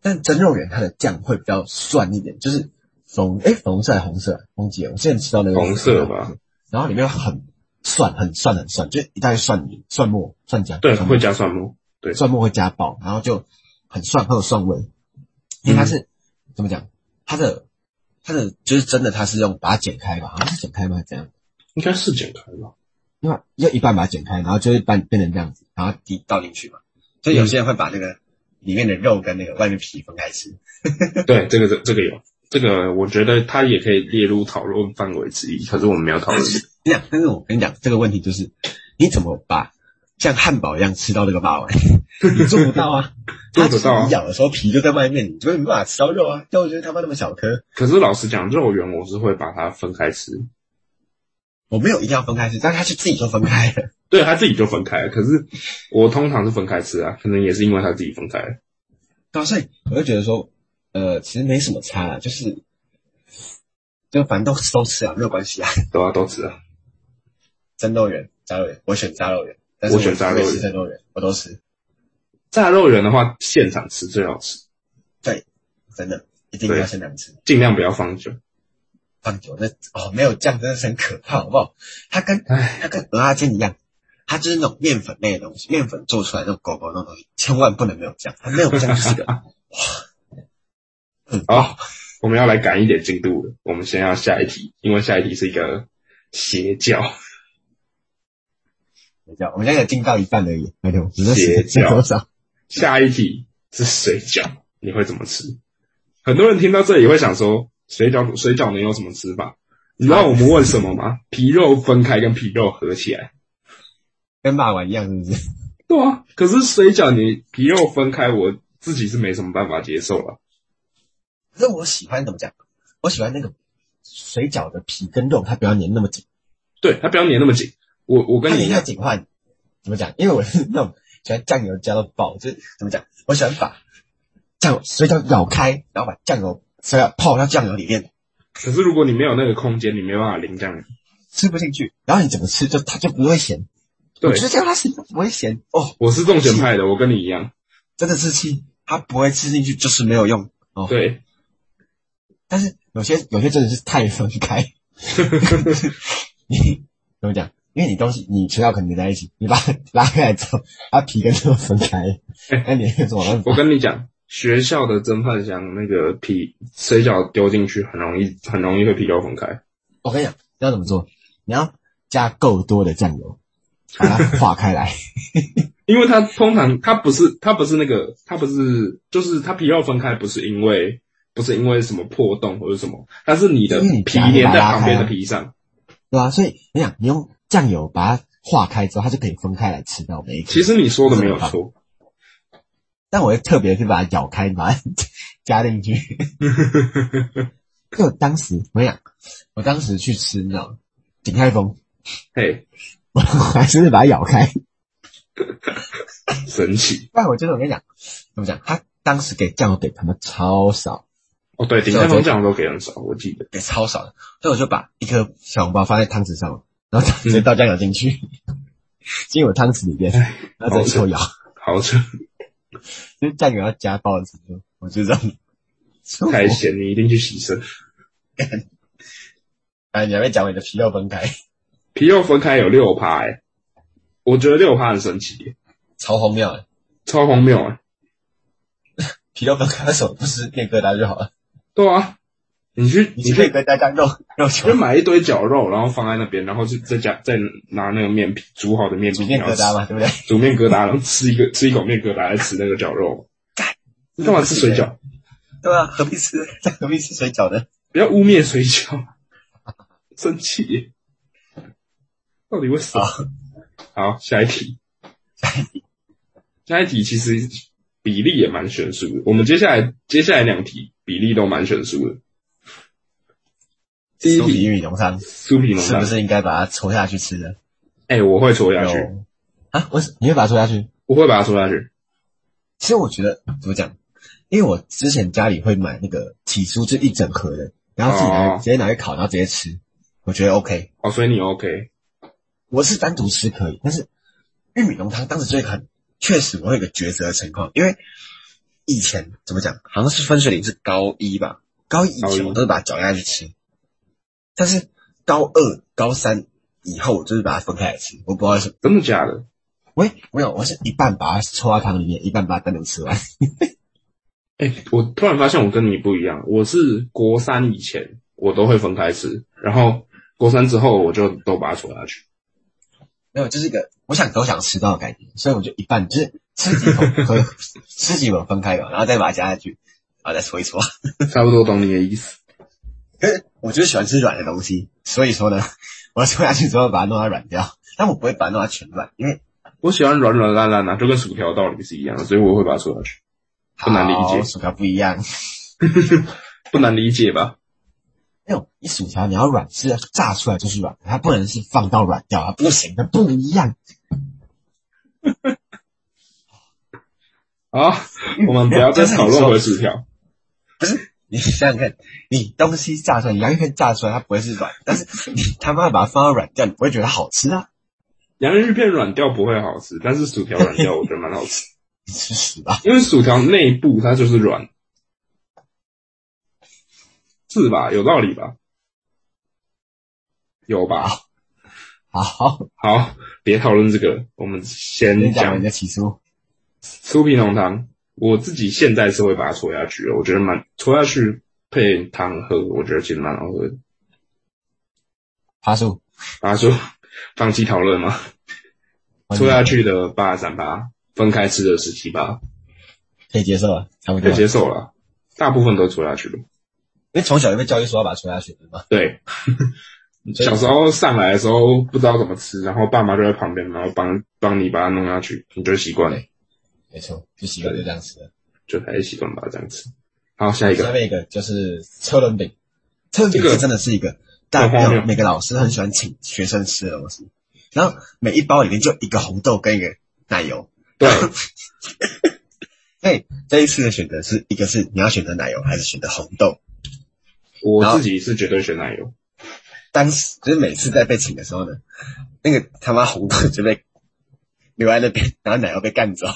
但蒸肉圓它的醬會比較酸一點，就是。棕，哎、欸，粉紅色還是紅色？忘記了。我之前吃到那個紅色的吧、嗯，然後裡面很蒜，很蒜，很蒜，就一袋蒜蒜末，蒜醬。對，很會加蒜末，對，蒜末會加爆，然後就很蒜，很有蒜味。因為它是、嗯、怎麼講？它的它的就是真的，它是用把它剪開吧？好像是剪開嗎？怎樣？應該是剪開吧。那要一半把它剪開，然後就一半變成這樣子，然後滴倒進去嘛。所以有些人會把那個裡面的肉跟那個外面皮分開吃。嗯、 <laughs> 對，這個這這個有。這個我覺得它也可以列入討論範圍之一，可是我們沒有討論。那，但是我跟你講，這個問題就是，你怎麼把像漢堡一樣吃到這個肉圓？ <laughs> 你做不到啊！做不到啊！你咬的時候皮就在外面，你就沒辦法吃到肉啊。但我覺得它那麼小顆。可是老實講，肉圓我是會把它分開吃。我沒有一定要分開吃，但是他是自己就分開了。 <laughs> 對，他自己就分開了，可是我通常是分開吃啊，可能也是因為他自己分開了。但是，我就覺得說。呃，其實沒什麼差啦，就是就反正都都吃啊，沒有關係啊。都啊，都吃啊。蒸肉圓、炸肉圓，我選炸肉圓。但我，我選炸肉圓。我都吃。炸肉圓的話，現場吃最好吃。對，真的一定要現場吃，盡量不要放酒。放久，那哦，沒有醬真的是很可怕，好不好？它跟唉它跟蚵仔煎一樣，它就是那種麵粉類的東西，麵粉做出來的那種狗狗那種東西，千萬不能沒有醬。它沒有醬就是個哇。 <laughs> 好、哦，我們要來趕一點進度了。我們先要下一題，因為下一題是一個邪教。我們現在進到一半而已。哎呦，邪教多少？下一題是水餃，你會怎麼吃？很多人聽到這裡會想說，水餃水餃能有什麼吃法？你知道我們問什麼嗎？皮肉分開跟皮肉合起來，跟爸碗一樣是不是？對啊，可是水餃你皮肉分開，我自己是沒什麼辦法接受了。那我喜歡怎麼講？我喜歡那個水餃的皮跟肉，它不要粘那麼緊。對，它不要粘那麼緊。我我跟你一樣，黏得緊的話，怎麼講？因為我是那種喜歡醬油加到爆，就是怎麼講？我喜歡把醬油，水餃咬開，然後把醬油水餃泡到醬油裡面。可是如果你沒有那個空間，你沒辦法淋醬油，吃不進去。然後你怎麼吃就它就不會鹹。對，就是這樣，它是不會鹹哦。我是重鹹派的，我跟你一樣。真的吃雞，它不會吃進去就是沒有用。哦，對。但是有些有些真的就是太分開 <laughs> <laughs> 你，你怎麼講？因為你東西你學校可能在一起，你拉拉開來做，它，皮跟肉分開，那、欸啊、你怎麼做？我跟你講，學校的蒸飯箱那個皮水餃丟進去很容易、嗯、很容易會皮肉分開。我跟你講，你要怎麼做？你要加夠多的醬油，把它化開來 <laughs> ， <laughs> 因為它通常它不是它不是那個它不是就是它皮肉分開不是因為。不是因為什麼破洞或者什麼，它是你的皮粘在旁邊的,的,的皮上，對吧、啊？所以你想，你用醬油把它化開之後，它就可以分開來吃到每一口。其實你說的沒有錯，但我特別去把它咬開，把它加進去。 <laughs> <laughs> 就當時我跟你講，我當時去吃，你知道嗎？鼎泰豐，我還是把它咬開， <laughs> 神奇。但我真的我跟你講，怎麼講？他當時給醬油給他們超少。哦，對，頂上醬醬都給很少，我記得給、欸、超少的，所以我就把一顆小籠包放在湯匙上，然後直接倒醬油進去，進、嗯、我湯匙裡面，然後再抽牙，好吃就是醬油要加包的時候，我就這樣，開鹹你一定去洗車。來、 <laughs> 啊，你還沒講你的皮肉分開，皮肉分開有六趴、欸，我覺得六趴很神奇耶，超荒謬哎，超荒謬哎，皮肉分開的時候不是變疙瘩就好了。對啊，你去你可以隔加加肉，然後先買一堆絞肉，然後放在那邊，然後就再加再拿那個麵皮煮好的麵皮，煮麵疙瘩嘛，對不對？煮麵疙瘩，然後吃一個吃一口麵疙瘩，再吃那個絞肉。 <laughs> 你幹嘛吃水餃？對啊，何必吃何必吃水餃呢？不要污衊水餃，生氣，到底為什麼？好，好，下一題，下一題，下一題其實比例也蠻懸殊的。我們接下來接下來兩題。比例都蠻懸殊的，酥皮玉米濃湯，酥皮濃湯是不是應該把它戳下去吃呢？哎、欸，我會戳下去啊！我你會把它戳下去？我會把它戳下去。其實我覺得怎麼講？因為我之前家裡會買那個起酥就一整盒的，然後自己直接拿去烤，然後直接吃。哦哦，我覺得 OK。哦，所以你 OK？我是單獨吃可以，但是玉米濃湯當時最狠。確實，我有個個抉擇的情況，因為。以前怎麼講？好像是分水嶺是高一吧，高一以前我都是把它嚼下去吃，但是高二、高三以後我就是把它分開來吃。我不知道什麼，真的假的。喂，沒有，我是一半把它戳到湯裡面，一半把它單獨吃完。哎、 <laughs> 欸，我突然發現我跟你不一樣，我是國三以前我都會分開吃，然後國三之後我就都把它戳下去、嗯。沒有，這、就是一個我想都想吃到的感覺。所以我就一半就是。吃幾口和吃幾口分開吧，然後再把它加下去，然後再搓一搓，差不多懂你的意思。我就喜歡吃軟的東西，所以說呢，我要搓下去之後把它弄到軟掉，但我不會把它弄到全軟，因為我喜歡軟軟爛爛的、啊，就、這、跟、個、薯條道理是一樣的，所以我會把它搓下去不難理解。好，薯條不一樣， <laughs> 不難理解吧？哎喲你薯條你要軟是要炸出來就是軟，它不能是放到軟掉，它不行的，它不一樣。 <laughs> 好、啊，我們不要再討論回薯條。不是，你想想看，你東西炸出來，洋芋片炸出來，它不會是軟，但是你他媽把它放到軟掉，你不會覺得好吃啊？洋芋片軟掉不會好吃，但是薯條軟掉，我覺得蠻好吃。 <laughs> 你吃屎吧？因為薯條內部它就是軟，是吧？有道理吧？有吧？好好好，別討論這個，我們先講一下起初。酥皮濃湯，我自己現在是會把它搓下去的。我覺得蠻搓下去配湯喝，我覺得其實蠻好喝的。趴搜、趴搜，放棄討論嗎？搓下去的八三趴，分開吃的十七趴，可以接受啊，差不多，可以接受了。大部分都搓下去了，因為從小就被教育說要把它搓下去了，對吧？對， <laughs> 小時候上來的時候不知道怎麼吃，然後爸媽就在旁邊，然後幫幫你把它弄下去，你就習慣了。沒錯，就習慣就這樣子了，就還是習慣把它這樣吃。好，下一個，下面一個就是車輪餅。車輪餅真的是一個，這個、大概每個老師很喜歡請學生吃的東西。然後每一包裡面就一個紅豆跟一個奶油。對。那、 <laughs> 欸、這一次的選擇是一個是你要選擇奶油還是選擇紅豆？我自己是絕對選奶油。當時就是每次在被請的時候呢，那個他媽紅豆就被留在那邊，然後奶油被幹走。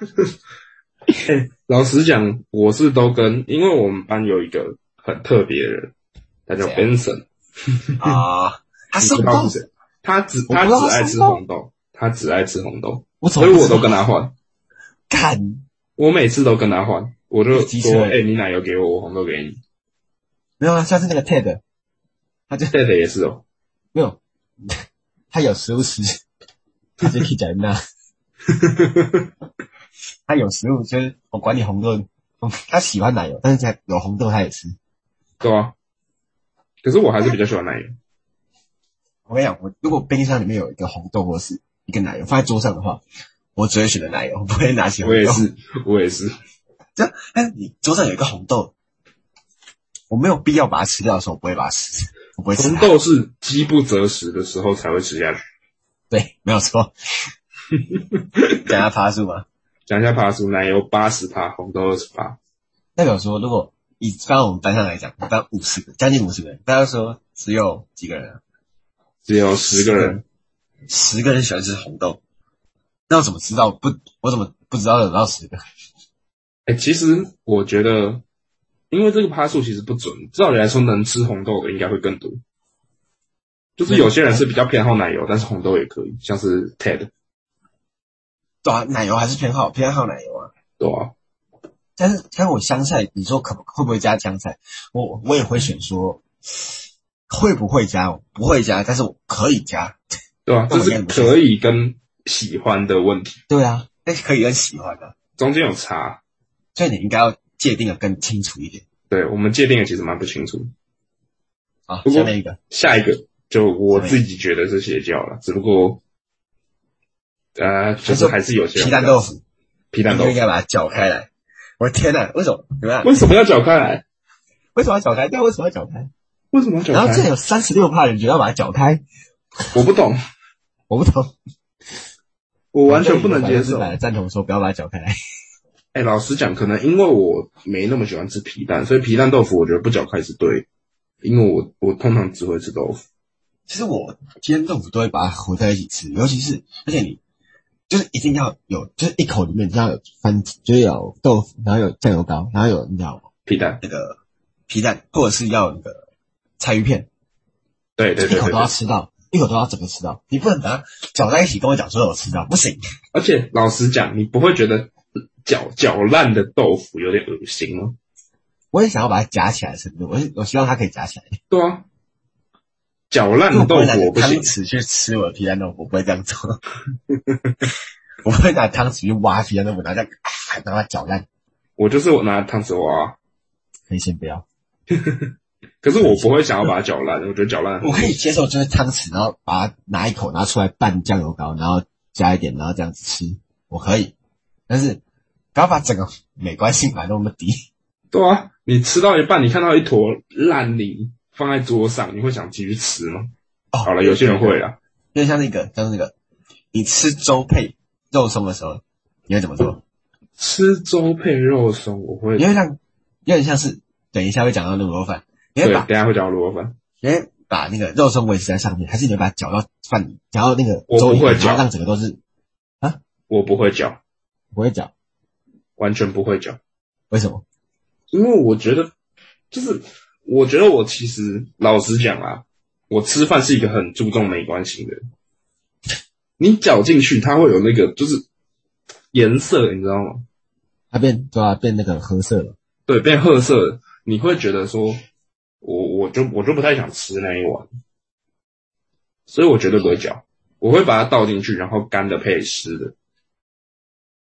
<laughs> 欸、老實講，我是都跟，因為我們班有一個很特別的人，他叫 Benson 啊。 <laughs> 呃、是他，不他，不他什麼？他只他只愛吃紅豆，他只愛吃紅豆，所以我都跟他換。幹？我每次都跟他換，我就說，哎、那個欸，你奶油給我，我紅豆給你。沒有啊，像是那個 Ted，他叫 <laughs> Ted 也是哦，沒有，他有時候吃，直接去講那。他有時候就是我管你紅豆，他、嗯、喜歡奶油，但是有紅豆他也吃，對啊。可是我還是比較喜歡奶油。我跟你講，我如果冰箱裡面有一個紅豆或是一個奶油放在桌上的話，我只會選擇奶油，我不會拿起紅豆。我也是，我也是。這樣，哎，你桌上有一個紅豆，我沒有必要把它吃掉的時候，我不會把它吃。我不會吃紅豆是飢不擇食的時候才會吃下來。對，沒有錯。等 <laughs> 下爬樹嗎？講一下趴數，奶油八十趴，紅豆二十趴。代表說，如果以剛我們班上來講，班五十個，將近五十個人，大家說只有幾個人？只有個十個人。十個人喜歡吃紅豆，那我怎麼知道不？我怎麼不知道有到十個？哎、欸，其實我覺得，因為這個趴數其實不準，照理來說能吃紅豆的應該會更多。就是有些人是比較偏好奶油，但是紅豆也可以，像是 Ted。對啊，奶油還是偏好偏好奶油啊。對啊，但是像我香菜，你說可會不會加香菜？我我也會選說會不會加，我不會加，但是我可以加。對啊，這是可以跟喜歡的問題。對啊，哎，可以跟喜歡的、啊。中間有差，所以你應該要界定的更清楚一點。對，我們界定的其實蠻不清楚。好，下面一個，下一個就我自己覺得是邪教了，只不過。呃，其實還是有些人皮蛋豆腐，皮蛋豆腐應該把它攪開來。 <laughs> 我的天吶、啊，為什麼？麼為什麼要攪開來？為什麼要攪開，開？為什麼要攪開？為什麼？然後這裡有三十六趴的人覺得要把它攪開？我不懂，我不懂，我完全不能接受。贊同說不要把它攪開來。哎、欸，老實講，可能因為我沒那麼喜歡吃皮蛋，所以皮蛋豆腐我覺得不攪開是對，因為我我通常只會吃豆腐。其實我煎豆腐都會把它和在一起吃，尤其是而且你。就是一定要有，就是一口裡面一定要有番茄，就是，有豆腐，然後有醬油膏，然後有你知道嗎？皮蛋那個皮蛋，或者是要那個柴魚片，對對、對，一口都要吃到對對對對，一口都要整個吃到，你不能把它攪在一起，跟我講說我吃到，不行。而且老實講，你不會覺得攪攪爛的豆腐有點噁心嗎？我也想要把它夾起來是不是？我我希望它可以夾起來。對啊。攪爛豆腐，我不會去吃我的皮蛋豆腐，我不會這樣做。我不會拿湯匙去挖皮蛋豆腐，然後這樣啊，把它攪爛。我就是我拿湯匙挖，可以先不要。 <laughs> 可是我不會想要把它攪爛， <laughs> 我覺得攪爛……我可以接受，就是湯匙，然後把它拿一口拿出來拌醬油膏，然後加一點，然後這樣子吃，我可以。但是不要把整個美觀性擺那麼低。對啊，你吃到一半，你看到一坨爛泥。放在桌上，你會想繼續吃嗎？Oh, 好了，有些人、那個、會啦。那像那個，像那個，你吃粥配肉鬆的時候，你會怎麼做？吃粥配肉鬆，我會因為像，有點像是等一下會講到的滷肉飯，你會等一下會講到滷肉飯，你會把那個肉鬆維持在上面，還是你會把攪到飯攪到那個粥裡？我不會攪，讓整個都是啊，我不會攪，我不會攪，完全不會攪，為什麼？因為我覺得就是。我覺得我其實老實講啊，我吃飯是一個很注重美觀性的。你攪進去，它會有那個就是顏色，你知道嗎？它變，對啊，變那個褐色了。對，變褐色，你會覺得說，我我就我就不太想吃那一碗，所以我覺得不會攪，我會把它倒進去，然後乾的配濕的。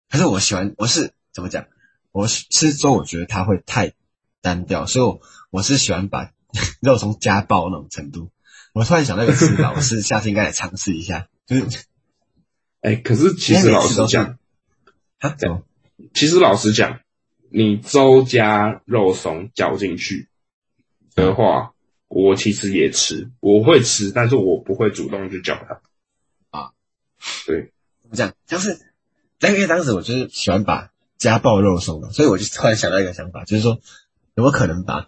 可是我喜歡，我是怎麼講？我吃粥，我覺得它會太單調，所以我。我是喜歡把肉鬆加爆那種程度。我突然想到一個吃法，我是下次應該來嘗試一下。就是，哎、 <laughs> 欸，可是其實老實講，他講、哦，其實老實講，你粥加肉鬆攪進去的話、嗯，我其實也吃，我會吃，但是我不會主動去攪它啊。對，這樣就是，因為當時我就是喜歡把加爆肉鬆，所以我就突然想到一個想法，就是說，有沒有可能把？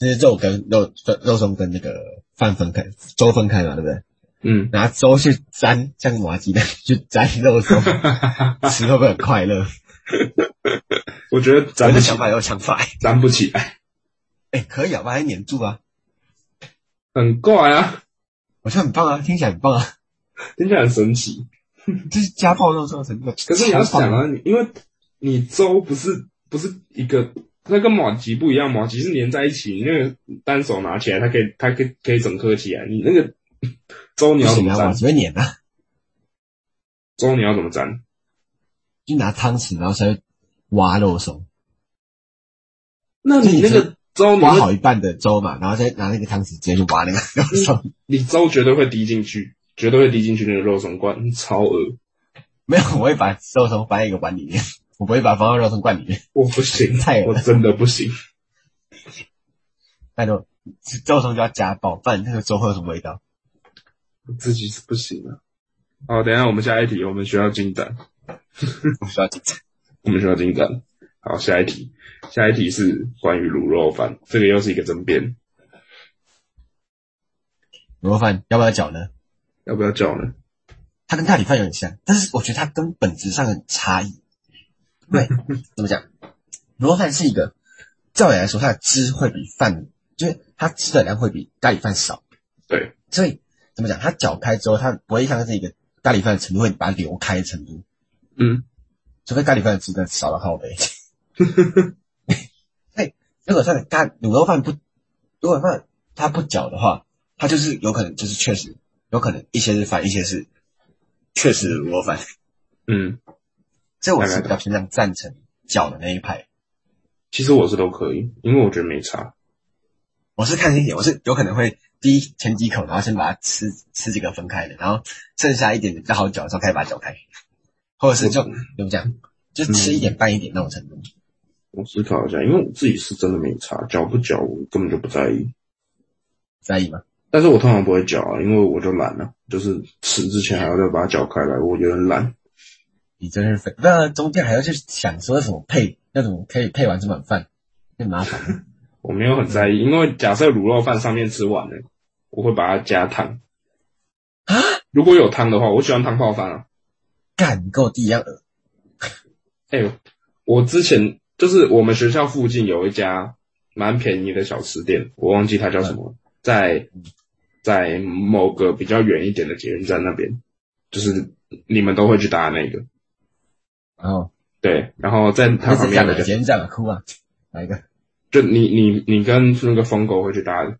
就是肉跟肉肉鬆跟那個飯分開，粥分開嘛，對不對？嗯，拿粥去粘，像麻糬蛋，去粘肉鬆， <laughs> 吃會不會很快樂？ <laughs> 我覺得粘的想法有想法，粘不起來。哎 <laughs> 起、 <laughs> 欸，可以啊，把它黏住啊，很怪啊，好像很棒啊，聽起來很棒啊， <laughs> 聽起來很神奇。這是加爆肉鬆的成分。可是你要想啊， <laughs> 因為你粥不是不是一個。那跟麻糬不一樣嗎？麻糬是黏在一起，你那個單手拿起來，它可以，它可以，可以整顆起來。你那個粥你要怎麼粘、啊？粥你要怎麼粘？就拿湯匙，然後才會挖肉鬆。那你，你那個粥你，你挖好一半的粥嘛，然後再拿那個湯匙直接就挖那個肉鬆、嗯。你粥絕對會滴進去，絕對會滴進去那個肉鬆罐，超噁。沒有，我會把肉鬆放在一個碗裡面。我不會把它放到肉鬆罐裡面，我不行，太 <laughs> 我真的不行拜托。吃肉鬆就要加飽飯，那個粥會有什麼味道？我自己是不行的、啊。好，等一下我們下一題，我們需要金蛋。我們需要金蛋，我們需要金蛋。好，下一題，下一題是關於滷肉飯，這個又是一個爭辯。滷肉飯要不要攪呢？要不要攪呢？它跟大米飯有點像，但是我覺得它跟本質上有差異。 <laughs> 對，怎麼講？滷肉飯是一個，照理來說，它的汁會比飯，就是它汁的量會比咖喱飯少。對，所以怎麼講？它攪開之後，它不會像是一個咖喱飯的程度會把它流開的程度。嗯，除非咖喱飯的汁的少了好唄。對， <laughs> <laughs> 如果它的咖滷肉飯不滷肉飯，它不攪的話，它就是有可能，就是確實有可能一些是飯，一些是確實滷肉飯。嗯。這我是比較偏向贊成攪的那一派。其實我是都可以，因為我覺得沒差。我是看心情，我是有可能會第一前幾口，然後先把它吃吃幾個分開的，然後剩下一點再好攪的時候開始把攪開，或者是就就這樣，就吃一點拌一點、嗯、那種程度。我思考一下，因為我自己是真的沒差，攪不攪我根本就不在意。在意嗎？但是我通常不會攪啊，因為我就懶了，就是吃之前還要再把它攪開來，我有點懶。你真是廢！那中間還要去想說什麼配要怎麼可以配完這碗飯，太麻煩了 <laughs> 我沒有很在意，因為假設滷肉飯上面吃完了，我會把它加湯啊。如果有湯的話，我喜歡湯泡飯啊。幹，你跟我一樣餓。哎呦，我之前就是我們學校附近有一家蠻便宜的小吃店，我忘記它叫什麼，在在某個比較遠一點的捷運站那邊，就是你們都會去搭那個。然、哦、後對，然後在他旁邊你。你是講的哭啊？哪一個？就你你你跟那個瘋狗會去搭的？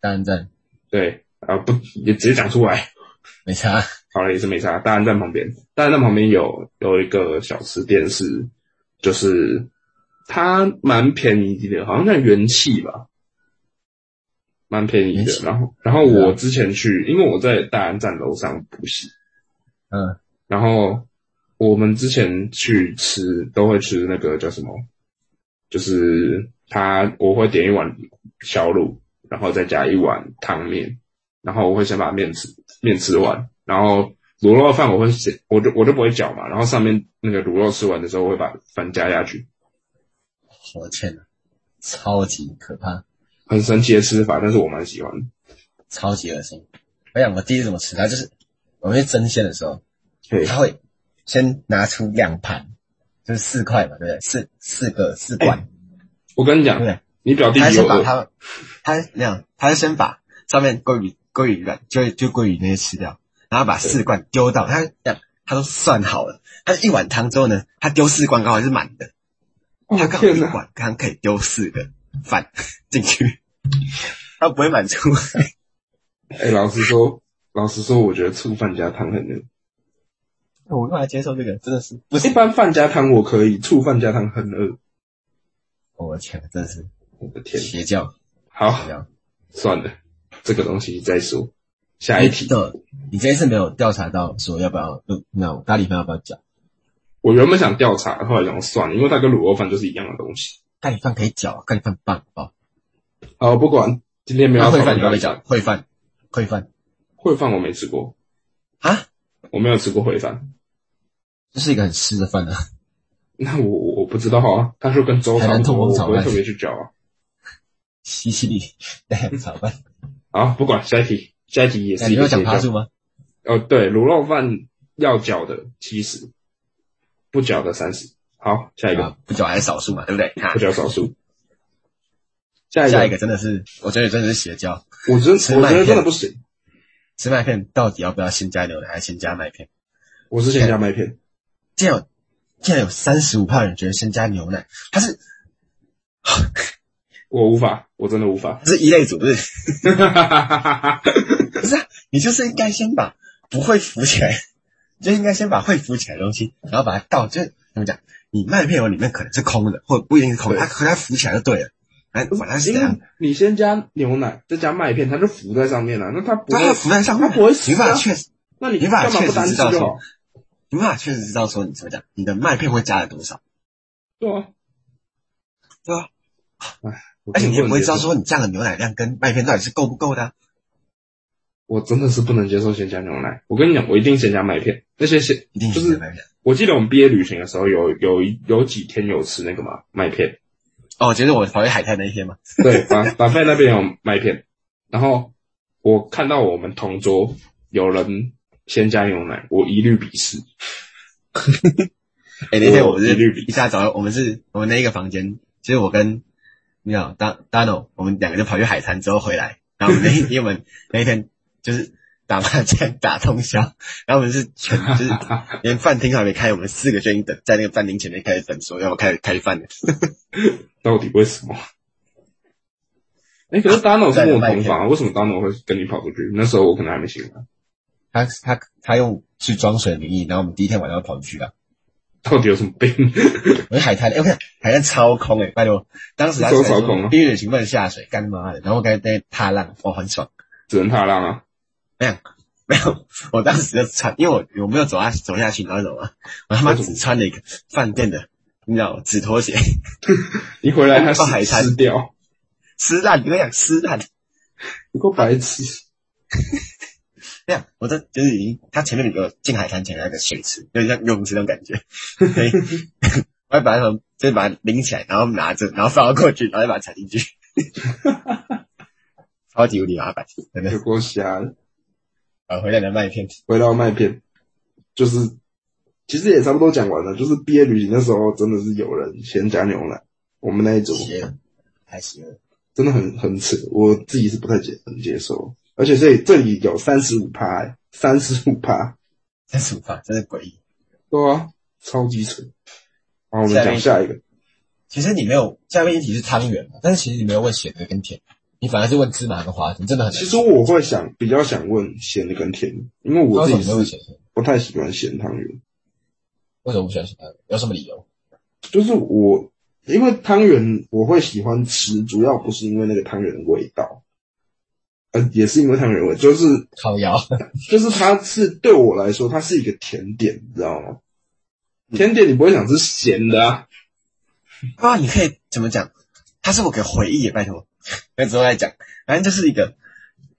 大安站。對，啊、呃，不也直接講出來？沒差。好了，也是沒差。大安站旁邊，大安站旁邊有有一個小吃店是，就是它蠻便宜的，好像叫元氣吧，蠻便宜的。然後然後我之前去、嗯，因為我在大安站樓上補習。嗯，然後。我們之前去吃都會吃那個叫什麼，就是他我會點一碗小滷，然後再加一碗湯麵，然後我會先把麵吃麵吃完，然後滷肉的飯我會我我就我就不會攪嘛，然後上面那個滷肉吃完的時候我會把飯加下去。我天吶，超級可怕，很神奇的吃法，但是我蠻喜歡，超級噁心。我想我第一次怎麼吃它？他就是我們去爭鮮的時候，對，他會。先拿出兩盤，就是四塊嘛，對不對？四四個四罐、欸。我跟你講，你表弟他是把他他那樣，他先把上面鮭魚鮭魚卵就就鮭魚那些吃掉，然後把四罐丟到。他這他都算好了。他一碗湯之後呢，他丟四罐剛好是滿的。哦、他剛好一碗，剛可以丟四個飯進去，他不會滿出、欸。哎， <laughs> 老實說，老實說，我覺得醋飯加湯很難。我用來接受這個，真的是不是一般飯加湯，我可以醋飯加湯很餓。我、哦、天、啊，真是我的天，邪教。好，算了，這個東西再說。下一題的、欸，你這次沒有調查到，說要不要？呃、那我咖喱飯要不要講？我原本想調查，後來想算了，因為它跟滷肉飯就是一樣的東西。咖喱飯可以講，咖喱飯棒棒。好，不管今天沒有要、啊、燴飯，你講燴飯，燴飯，燴飯我沒吃過啊，我沒有吃過燴飯。這、就是一個很吃的飯呢、啊，那我我不知道啊，他說跟周海南通風炒飯特別去嚼，西西里海炒飯 <laughs> 好，不管，下一題下一題也是一個邪教嗎？哦，對，滷肉飯要攪的七十，不攪的三十，好，下一個不攪還是少數嘛，對不對？不攪少數， <laughs> 下一個下一個真的是，我覺得真的是邪教，我覺得吃麥片真的不行，吃麥片到底要不要先加牛奶還是先加麥片、嗯？我是先加麥片。竟然有，竟然有三十五趴的人覺得先加牛奶，他是，我無法，我真的無法。這是一類組，對。 <laughs> <laughs> 不是啊，你就是應該先把不會浮起來，就應該先把會浮起來的東西，然後把它倒。就是怎麼講？你麥片油裡面可能是空的，或不一定是空的，它和它浮起來就對了。哎，本來是這樣子。你先加牛奶，再加麥片，它就浮在上面了。那它不會它浮在上面，它不會死啊？確實，那你把幹嘛不單吃？你無法確實知道說你怎麼講，你的麥片會加了多少？對啊，對啊，我而且你也不會知道說你這樣的牛奶量跟麥片到底是夠不夠的。我真的是不能接受先加牛奶，我跟你講，我一定先加麥片。那些先，一定先，就是我記得我們畢業旅行的時候有，有有有幾天有吃那個嘛麥片。哦，就是我跑去海灘那一天嘛。 <laughs> 對，馬馬賽那邊有麥片， <laughs> 然後我看到我們同桌有人。先加牛奶，我一律鄙視。哎、 <laughs> 欸，那一天我是，我一,一下早上我們是我們那一個房間。其、就、實、是、我跟你好，Don Dono，我們兩個就跑去海灘之後回來。然後我們那天 <laughs> 我們那一天就是打麻將打通宵，然後我們是全就是連飯廳還沒開，我們四個就已經等在那個飯廳前面開始等，說要開始開始飯了。 <laughs> 到底為什麼？哎、欸，可是 Dono、啊、是跟我同房、啊，為什麼 Dono 會跟你跑出去？那時候我可能還沒醒來。他他他用去裝水的名義，然後我們第一天晚上就跑去了。到底有什麼病？海灘欸、我海灘哎，我看海灘超空哎、欸，拜托，當時超超空了。因為情況下水，幹嘛？的、欸，然後開始在踏浪，我、哦、很爽。只能踏浪啊？沒、嗯、有沒有，我當時就是穿，因為我我沒有走下、啊、走下去，裙那種啊，我他媽只穿了一個飯店的，你知道嗎？紙拖鞋。你 <laughs> 回來把海灘濕掉，濕爛，你想濕爛？你夠白痴。啊嗯這樣，我的就是已經，它前面裡有個近海灘前的那個水池，有點像泳池那種感覺。 <laughs> <laughs> 我要把它，就是把它拎起來，然後拿着，然後放過去，然後把它踩進去。 <laughs> 超級無敵麻煩，真的。有夠瞎了。啊，回來的麥片，回到麥片，就是其實也差不多講完了。就是畢業旅行的時候，真的是有人先夾牛奶，我們那一組。還、yeah, 行。真的很很扯，我自己是不太接很接受。而且這這裡有三十五趴，三十五趴，三十五趴，真的詭異，對、啊，超級扯好，我們講下一個下面一題，其實你沒有，下面一題是湯圓嘛，但是其實你沒有問鹹的跟甜，你反而是問芝麻跟花生，你真的很。其實我會想、嗯、比較想問鹹的跟甜，因為我自己沒有鹹的，不太喜歡鹹湯圓。為什麼不喜歡鹹湯圓？有什麼理由？就是我，因為湯圓我會喜歡吃，主要不是因為那個湯圓的味道。也是因為湯圓味，就是烤窯， <laughs> 就是它是對我來說，它是一個甜點，你知道嗎？甜點你不會想吃鹹的啊、嗯？啊，你可以怎麼講？它是我給回憶，拜託， <laughs> 我之後來講，反正就是一個，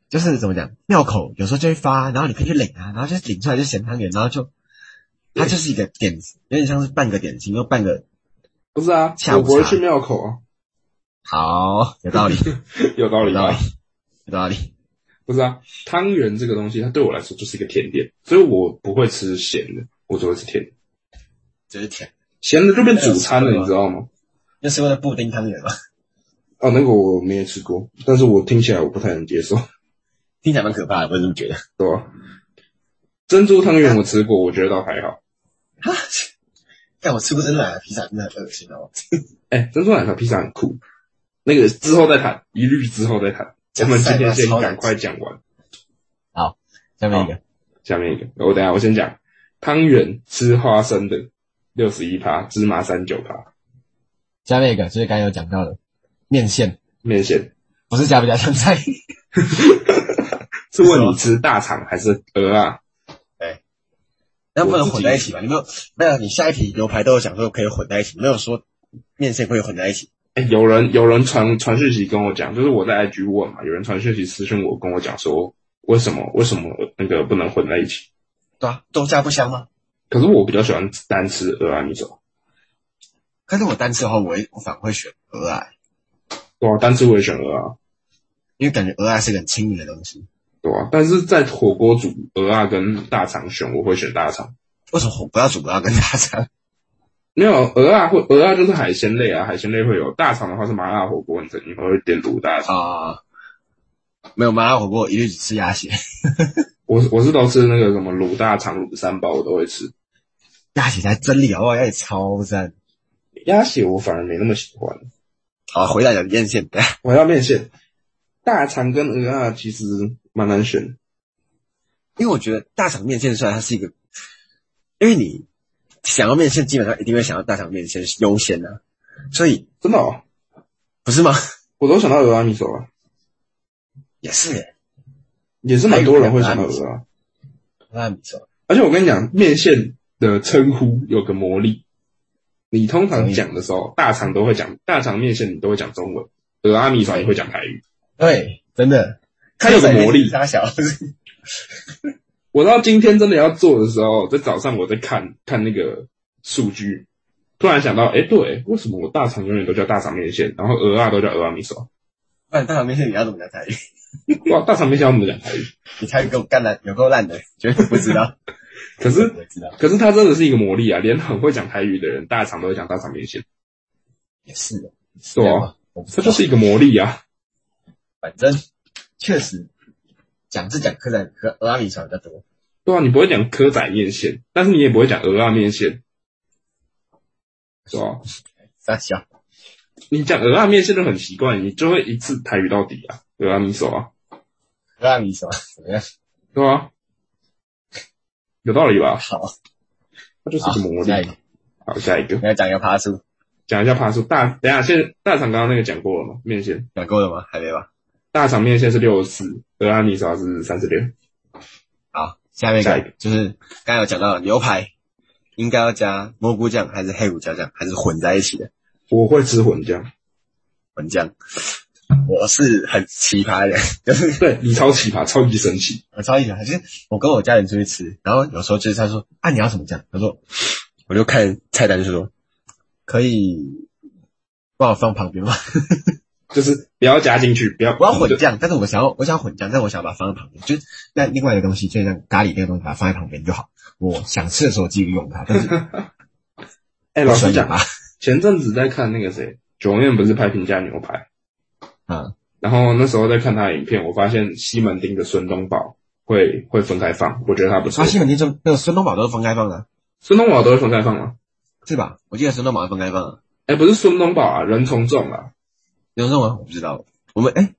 就是怎麼講，廟口有時候就會發，然後你可以去領啊，然後就領出來就鹹湯圓，然後就它就是一個點，有點像是半個點心又半個不，不是啊？搶回去廟口啊。好，有道理， <laughs> 有道理 <laughs> 有道理，有道理。道理不知道、啊，湯圓這個東西，它對我來說就是一個甜點，所以我不會吃鹹的，我只會吃甜，就是甜。鹹的就變主餐了，了你知道嗎？那是為了布丁湯圓嗎？哦，那個我沒有吃過，但是我聽起來我不太能接受，聽起來蠻可怕的，我這麼覺得， <laughs> 對吧、啊？珍珠湯圓我吃過，我覺得倒還好。哈，但我吃過珍珠奶茶，披薩真的很噁心哦、欸。珍珠奶茶披薩很酷，那個之後再談，一律之後再談。我們今天先趕快講完。好，下面一個，哦、下面一個，我、哦、等下我先講。湯圓吃花生的六十一趴，芝麻三九趴。下面一個就是剛才有講到的麵線。麵線不是加不加香菜？ <laughs> 是問你吃大腸還是鵝啊？對，那不能混在一起吧？你沒有，沒有。你下一題牛排都有講說可以混在一起，沒有說麵線會混在一起。哎、欸，有人有人傳傳訊息跟我講，就是我在 IG 問嘛，有人傳訊息私訊我，跟我講說，為什麼為什麼那個不能混在一起？對啊，都加不香嗎？可是我比較喜歡單吃蚵仔，你知道。可是我單吃的話，我我反而會選蚵仔。對啊，單吃會選蚵仔，因為感覺蚵仔是一個很輕盈的東西。對啊，但是在火鍋煮蚵仔跟大腸選，我會選大腸。為什麼火鍋要煮蚵仔跟大腸？沒有蚵仔，會，蚵仔就是海鮮類啊。海鮮類會有大腸的話是麻辣火鍋，你肯定會會點滷大腸。沒、uh, 沒有麻辣火鍋，我一律只吃鴨血。 <laughs> 我是我是都吃那個什麼滷大腸、滷三包，我都會吃。鴨血才真理啊，鴨血超讚！鴨血我反而沒那麼喜歡。好，回來點麵線下，回到麵線。大腸跟蚵仔，其實蠻難選，因為我覺得大腸麵線出來，它是一個，因為你。想要麵線，基本上一定會想要大腸麵線優先啊。所以真的啊、喔，不是嗎？我都想到蚵仔麵線了、啊，也是，也是蠻多人會想到蚵仔麵、蚵仔麵線。而且我跟你講，麵線的稱呼有個魔力，你通常講的時候，大腸都會講大腸麵線，你都會講中文，蚵仔麵線也會講台語。對，真的，他有個魔力。我到今天真的要做的時候，在早上我在看看那個數據，突然想到，哎、欸，對，為什麼我大腸永遠都叫大腸麵線，然後鵝啊都叫鵝啊米索？那、啊、大腸麵線你要怎麼講台語？ <laughs> 哇，大腸麵線要怎麼講台語？你才跟我幹了，有夠爛的，絕對不知道。 <laughs> 可是，可是他真的是一個魔力啊！連很會講台語的人，大腸都會講大腸麵線。也是，也是這樣吧？對啊？他就是一個魔力啊。反正確實。講是講蚵仔蚵拉米索比較多。對啊，你不會講蚵仔麵線，但是你也不會講鵝拉麵線，是吧、啊？在笑、啊。你講鵝拉麵線就很奇怪，你就會一次台語到底啊。鵝拉米索啊，鵝拉米索啊怎麼樣？是吧、啊？有道理吧？好，那就是什麼魔力？好，下一個。一個我要講一個爬樹，講一下爬樹。大，等一下現大腸剛剛那個講過了嗎？麵線講過了嗎？還沒吧？大場面線是六十四，德安妮則是三十六。好，下面下一個就是剛才有講到牛排，應該要加蘑菇醬還是黑胡椒醬還是混在一起的？我會吃混醬，混醬。我是很奇葩的人，就是對你超奇葩， <laughs> 超級神奇。我超異想，就是我跟我家人出去吃，然後有時候就是他說啊你要什麼醬？他說我就看菜單就是說可以幫我放旁邊嗎？ <laughs> 就是不要加進去，不要不要混醬。但是我想要，我想混醬，但是我想把它放在旁邊，就是那另外一個東西，就像咖喱那個東西，把它放在旁邊就好。我想吃的時候繼續用它。哎、 <laughs> 欸，老實講， <laughs> 前陣子在看那個誰，九龍院不是拍平價牛排？啊、嗯，然後那時候在看他的影片，我發現西門町的孫東寶會會分開放，我覺得他不錯。啊，西門町那個孫東寶都是分開放的。啊，孫東寶都是分開放嗎？啊？是吧？我記得孫東寶是分開放。啊。哎、欸，不是孫東寶啊，人從眾啊。人蟲粽啊，我不知道。我們哎，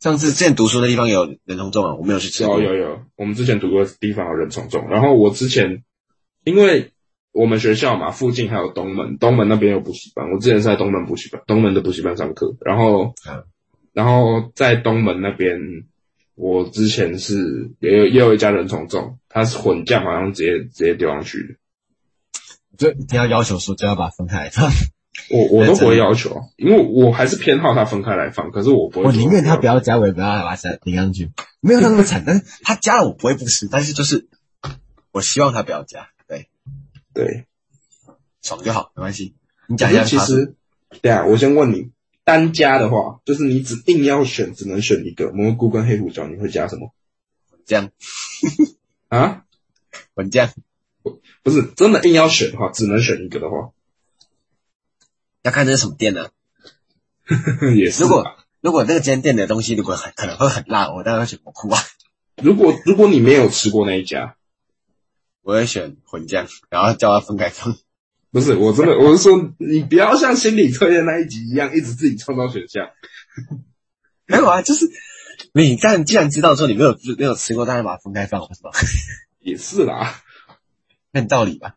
上次之前讀書的地方有人蟲粽啊，我沒有去吃。哦，有有，有，我們之前讀過的地方有人蟲粽。然後我之前因為我們學校嘛，附近還有東門，東門那邊有補習班。我之前是在東門補習班，東門的補習班上課。然後，啊、然後在東門那邊，我之前是也有也有一家人蟲粽，他是混醬，好像直接直接丟上去的，就你要要求說，就要把它分開。 <laughs> 我我都不會要求，因為我還是偏好它分開來放。可是我不會，我寧願它不要加，我也不要把它加。林央君沒有那麼慘， <laughs> 但是他加了我不會不吃，但是就是我希望他不要加。對對，爽就好，沒關係。你講一下。其實，對啊，我先問你，單加的話，就是你指定要選，只能選一個蘑菇跟黑胡椒，你會加什麼？姜 <laughs> 啊，混加不？不是真的硬要選的話，只能選一個的話。要看這是什麼店呢、啊？也是 <laughs> 如。如果如果那個間店的東西如果很可能會很辣，我當然要選蘑菇啊。如果如果你沒有吃過那一家， <laughs> 我也選混醬，然後叫他分開放。不是，我真的我是說，你不要像心理測驗那一集一樣，一直自己創造選項。 <laughs> 沒有啊，就是你但既然知道說你沒有沒有吃過，當然把它分開放，是吧？也是啦， <laughs> 按道理吧，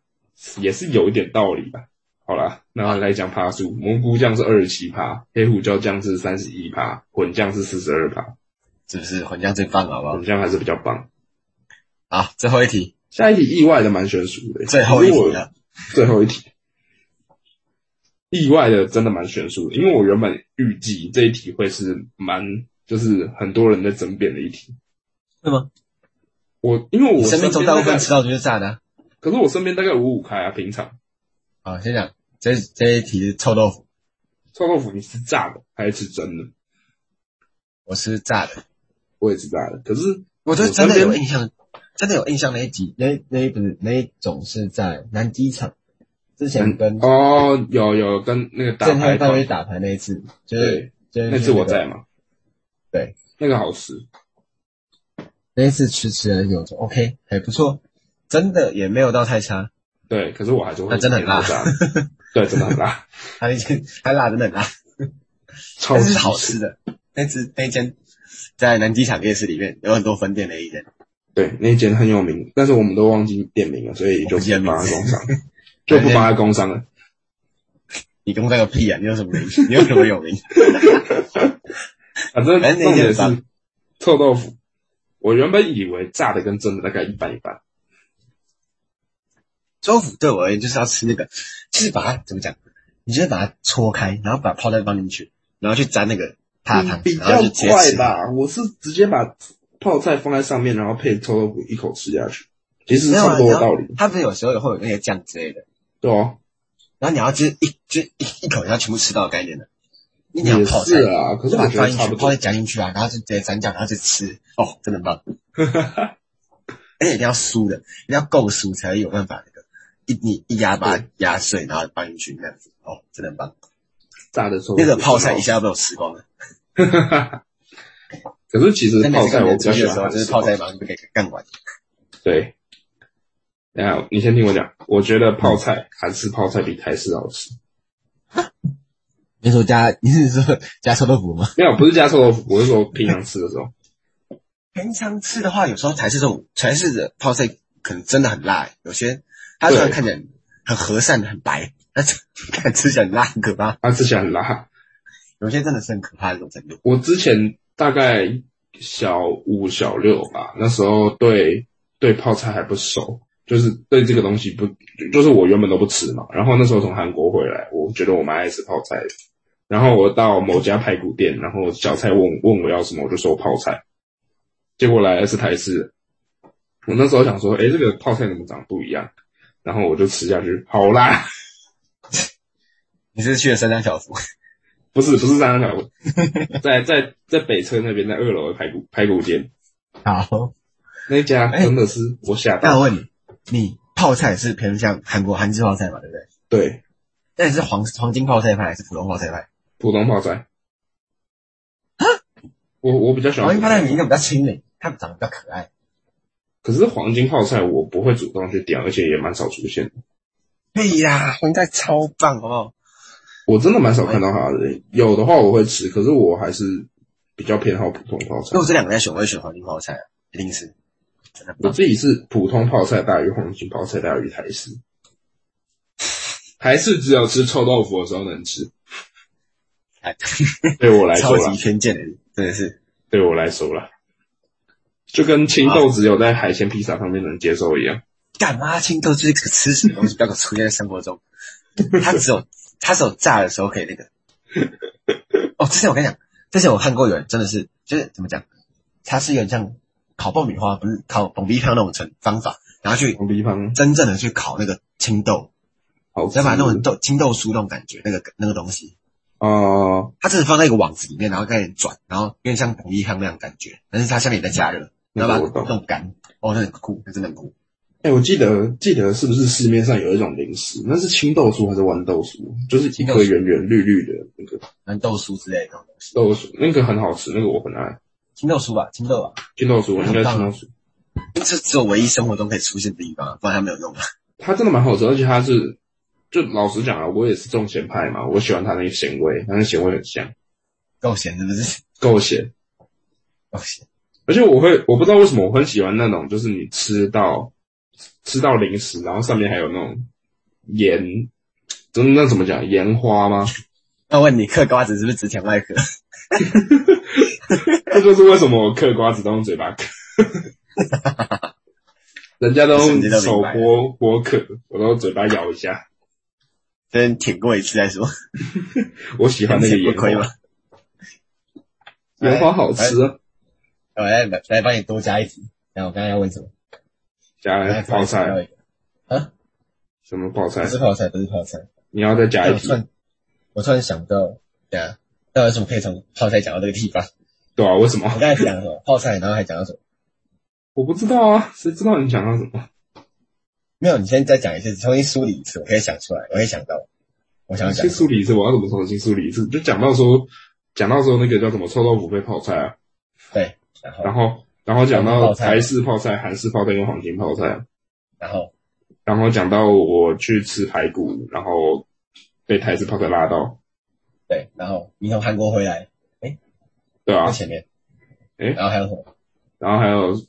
也是有一點道理吧。好了，那來講趴數，蘑菇醬是二十七趴，黑胡椒醬是三十一趴，混醬是四十二趴。是不是混醬最棒好不好？好好混醬還是比較棒。好、啊，最後一題，下一題意外的蠻懸殊的，欸最。最後一題，最後一題，意外的真的蠻懸殊的。因為我原本預計這一題會是蠻，就是很多人在爭辯的一題，是嗎？我因為我身邊大,大部分吃到就是炸的、啊，可是我身邊大概五五開啊，平常。好，先講這一這一題是臭豆腐，臭豆腐你是炸的還是蒸的？我是炸的，我也是炸的。可是我覺得我真的有印象，真的有印象那一集，那那一不是那一種是在南機場之前跟哦，有有跟那個打牌，單位打牌那一次，就是對、就是那個、那次我在嗎？對，那個好吃，那一次吃起來有種 OK，還不錯，真的也沒有到太差。對，可是我還是會、啊。那真的很辣， <laughs> 對，真的很辣。那間還辣，他辣真的很辣，超 <laughs> 級好吃的。 <laughs> <laughs> 那間那一間，在南機場夜市裡面有很多分店的一間。對，那一間很有名，但是我們都忘記店名了，所以就直接麻工商， <laughs> 就不幫他工商了。 <laughs> <laughs> 你工商個屁啊！你有什麼名字？你有什麼有名？ <laughs> <laughs> 啊、反正那間是臭豆腐。我原本以為炸的跟蒸的大概一般一般。臭豆腐對我而言就是要吃那個，就是把它怎麼講？你直接把它搓開，然後把泡菜放進去，然後去沾那個湯，然後比較快吧？我是直接把泡菜放在上面，然後配臭豆腐一口吃下去，其實是差不多的道理。他們有、啊、有時候也會有那些醬之類的。對哦、啊。然後你要直接一就一一口，要全部吃到的概念的。也是啊，菜可是就把放進去，泡菜夾進去啊，然後就直接沾醬，然後就吃。哦，真的棒。 <laughs> 而且一定要酥的，一定要夠酥才有辦法。一你一壓把它壓碎，然後放進去這樣子，哦，真的很棒，炸的時候那種、個、泡菜一下要被我吃光了。 <laughs> 可是其實泡菜我我是是，我去的時候就是泡菜嘛，不可以幹完。對，那你先聽我講，我覺得泡菜韓式泡菜比台式好吃。哈你說加你是說加臭豆腐嗎？沒有，不是加臭豆腐， <laughs> 我是說平常吃的時候。平常吃的話，有時候台式這種台式的泡菜可能真的很辣、欸，有些。他雖然看起來很和善，很白，但是看吃起來很辣，很可怕。他吃起來很辣，有些真的是很可怕那種程度。我之前大概小五、小六吧，那時候對對泡菜還不熟，就是對這個東西不，就是我原本都不吃嘛。然後那時候從韓國回來，我覺得我蠻愛吃泡菜的，然後我到某家排骨店，然後小菜問問我要什麼，我就說泡菜，結果來的是台式。我那時候想說，哎、欸，這個泡菜怎麼長得不一樣？然後我就吃下去，好辣！你是不是去了三江小廚？不是，不是三江小廚， <laughs> 在在在北側那邊，在二樓的排骨排骨店。好，那一家真的是我嚇到，欸。那我問你，你泡菜是偏向韓國韓式泡菜嘛？對不對？對。那你是黃黃金泡菜派還是普通泡菜派？普通泡菜。我我比較喜歡。黃金泡菜你應該比較親民，它長得比較可愛。可是黃金泡菜我不會主動去點，而且也蠻少出現的。對呀，黃金泡菜超棒哦！我真的蠻少看到它的，有的話我會吃。可是我還是比較偏好普通泡菜。那我這兩個人選，我會選黃金泡菜，一定是。我自己是普通泡菜大於黃金泡菜大於台式，台式只有吃臭豆腐的時候能吃。台式對我來說超級偏見，真的是對我來說了。就跟青豆只有在海鮮披薩上面能接受一樣、啊。幹嘛青豆就是個吃屎的東西，不要做出現在生活中？它只有它只有炸的時候可以那個。 <laughs> 哦，之前我跟你講，之前我看過有人真的是，就是怎麼講，它是有點像烤爆米花，不是烤爆米香那種成方法，然後去爆米香真正的去烤那個青豆，哦，要把那種豆青豆酥那種感覺，那個那個東西。哦、呃，它真是放在一個網子裡面，然後在轉，然後有點像爆米香那種感覺，但是它下面也在加熱。嗯知道吧？凍乾哦，那很酷，那真的很酷。哎、欸，我記得，記得是不是市面上有一種零食？那是青豆酥還是豌豆酥？就是一顆圓圓綠綠的那個豌豆，豆酥之類的東西。豆酥那個很好吃，那個我本來。青豆酥吧，青豆吧、啊，青豆酥。我應該青豆酥。這只有唯一生活中可以出現的地方，不然它沒有用。它真的蠻好吃，而且它是，就老實講啊，我也是重鹹派嘛，我喜歡它那個鹹味，它那鹹味很香，夠鹹是不是？夠鹹，夠鹹。.而且我會，我不知道為什麼我很喜歡那種，就是你吃到吃到零食，然後上面還有那種鹽，真那怎麼講鹽花嗎？那問你嗑瓜子是不是只舔外殼？這 <laughs> <laughs> 就是為什麼我嗑瓜子都用嘴巴嗑， <laughs> 人家都，都手剝剝殼，我都嘴巴咬一下，先舔過一次再說。 <laughs> 我喜歡那個鹽花，鹽花好吃啊。我來來，來來幫你多加一題。然後我剛剛要問什麼？加泡菜剛剛。啊？什麼泡菜？不是泡菜，不是泡菜。你要再加一個。我突然想不到，對啊，那為什麼可以從泡菜講到這個地方？對啊，為什麼？我剛才講什麼？ <laughs> 泡菜，然後還講到什麼？我不知道啊，誰知道你講到什麼？沒有，你先再講一次，重新梳理一次，我可以想出來，我可以想到。我想想。先梳理一次，我要怎麼重新梳理一次？就講到說，講到說那個叫什麼臭豆腐配泡菜啊？對。然後，然後講到台式泡菜、韓式泡菜、跟黃金泡菜。然後，然後講到我去吃排骨，然後被台式泡菜辣到。對，然後你從韓國回來，對、欸、對啊，前面、欸，然後還有什麼？然後還有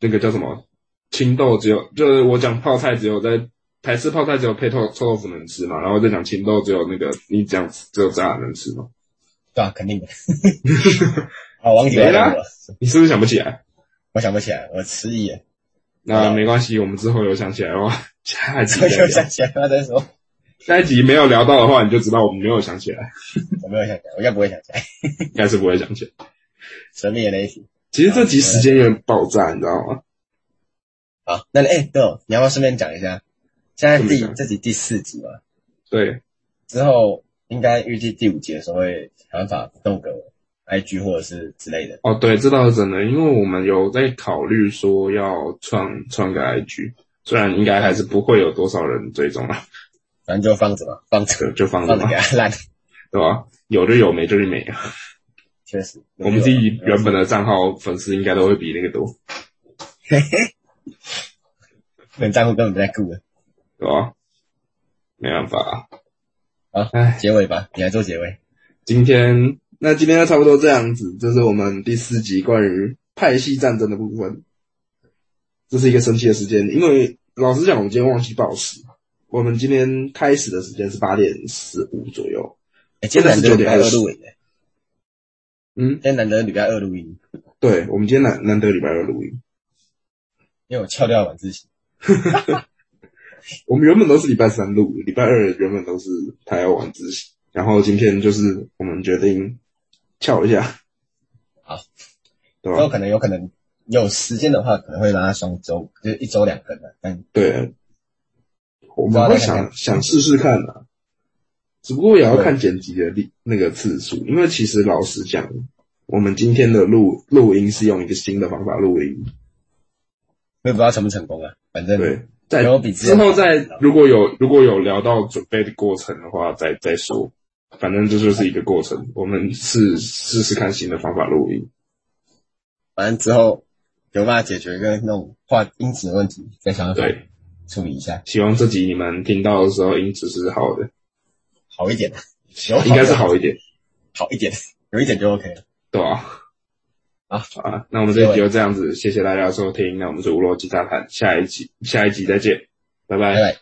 那個叫什麼青豆，只有就是我講泡菜只有在台式泡菜只有配臭臭豆腐能吃嘛，然後再講青豆只有那個你講只有炸能吃嗎？對啊，肯定的。 <laughs> 王、啊、杰了，了啦，你是不是想不起來？我想不起來，我遲疑。那、啊、沒關係，我們之後有想起來哦。下一集，有想起來再說。下一集沒有聊到的話，你就知道我們沒有想起來。我沒有想起來，我應該不會想起來， <laughs> 應該是不會想起來。神祕的一集，其實這集時間有點爆炸，你知道嗎？好，那你哎豆、欸，你要不要順便講一下，現在第這集第四集了。對，之後應該預計第五集的時候會想辦法動格。I G 或者是之類的哦，對，這倒是真的，因為我們有在考慮說要創創個 I G，雖然應該還是不會有多少人追蹤了，反正就放着，放着，啊、就放着吧放著爛，對吧，啊。有就有，沒就，就沒啊，確實，我們自己原本的賬號粉絲應該都會比那個多，嘿嘿，本賬戶根本不在顧了，對吧，啊。沒辦法啊，好，結尾吧，你來做結尾，今天。那今天就差不多這樣子，這是我們第四集關於派系戰爭的部分。這是一個神奇的時間，因為老實講，我們今天忘記報時。我們今天開始的時間是八點十五左右。哎、欸，今天真的是九點二十。嗯，今天難得禮拜二錄音。對，我們今天難難得禮拜二錄音，因為我翹掉晚自習。 <laughs> <laughs> 我們原本都是禮拜三錄，禮拜二原本都是他要晚自習，然後今天就是我們決定。翹一下，好，然後可能有可能有時間的話，可能會拉雙週，就是一週兩更的。嗯，對，我們會想看看想，想試試看的，只不過也要看剪輯的力那個次數，因為其實老實講，我們今天的錄錄音是用一個新的方法錄音，我也不知道成不成功啊。反正對，在之後再如果有如果有聊到準備的過程的話，再再說。反正這就是一個過程，我們試試試看新的方法錄音。反正之後有辦法解決一個那種換音質的問題，再想辦。對。處理一下。希望這集你們聽到的時候音質是好的，好一點，行，應該是好一點，好一點，有一點就 OK 了，對吧？啊，好啊，那我們這集就這樣子，謝謝大家收聽，那我們是無邏輯大談，下一集，下一集再見，拜拜。拜拜。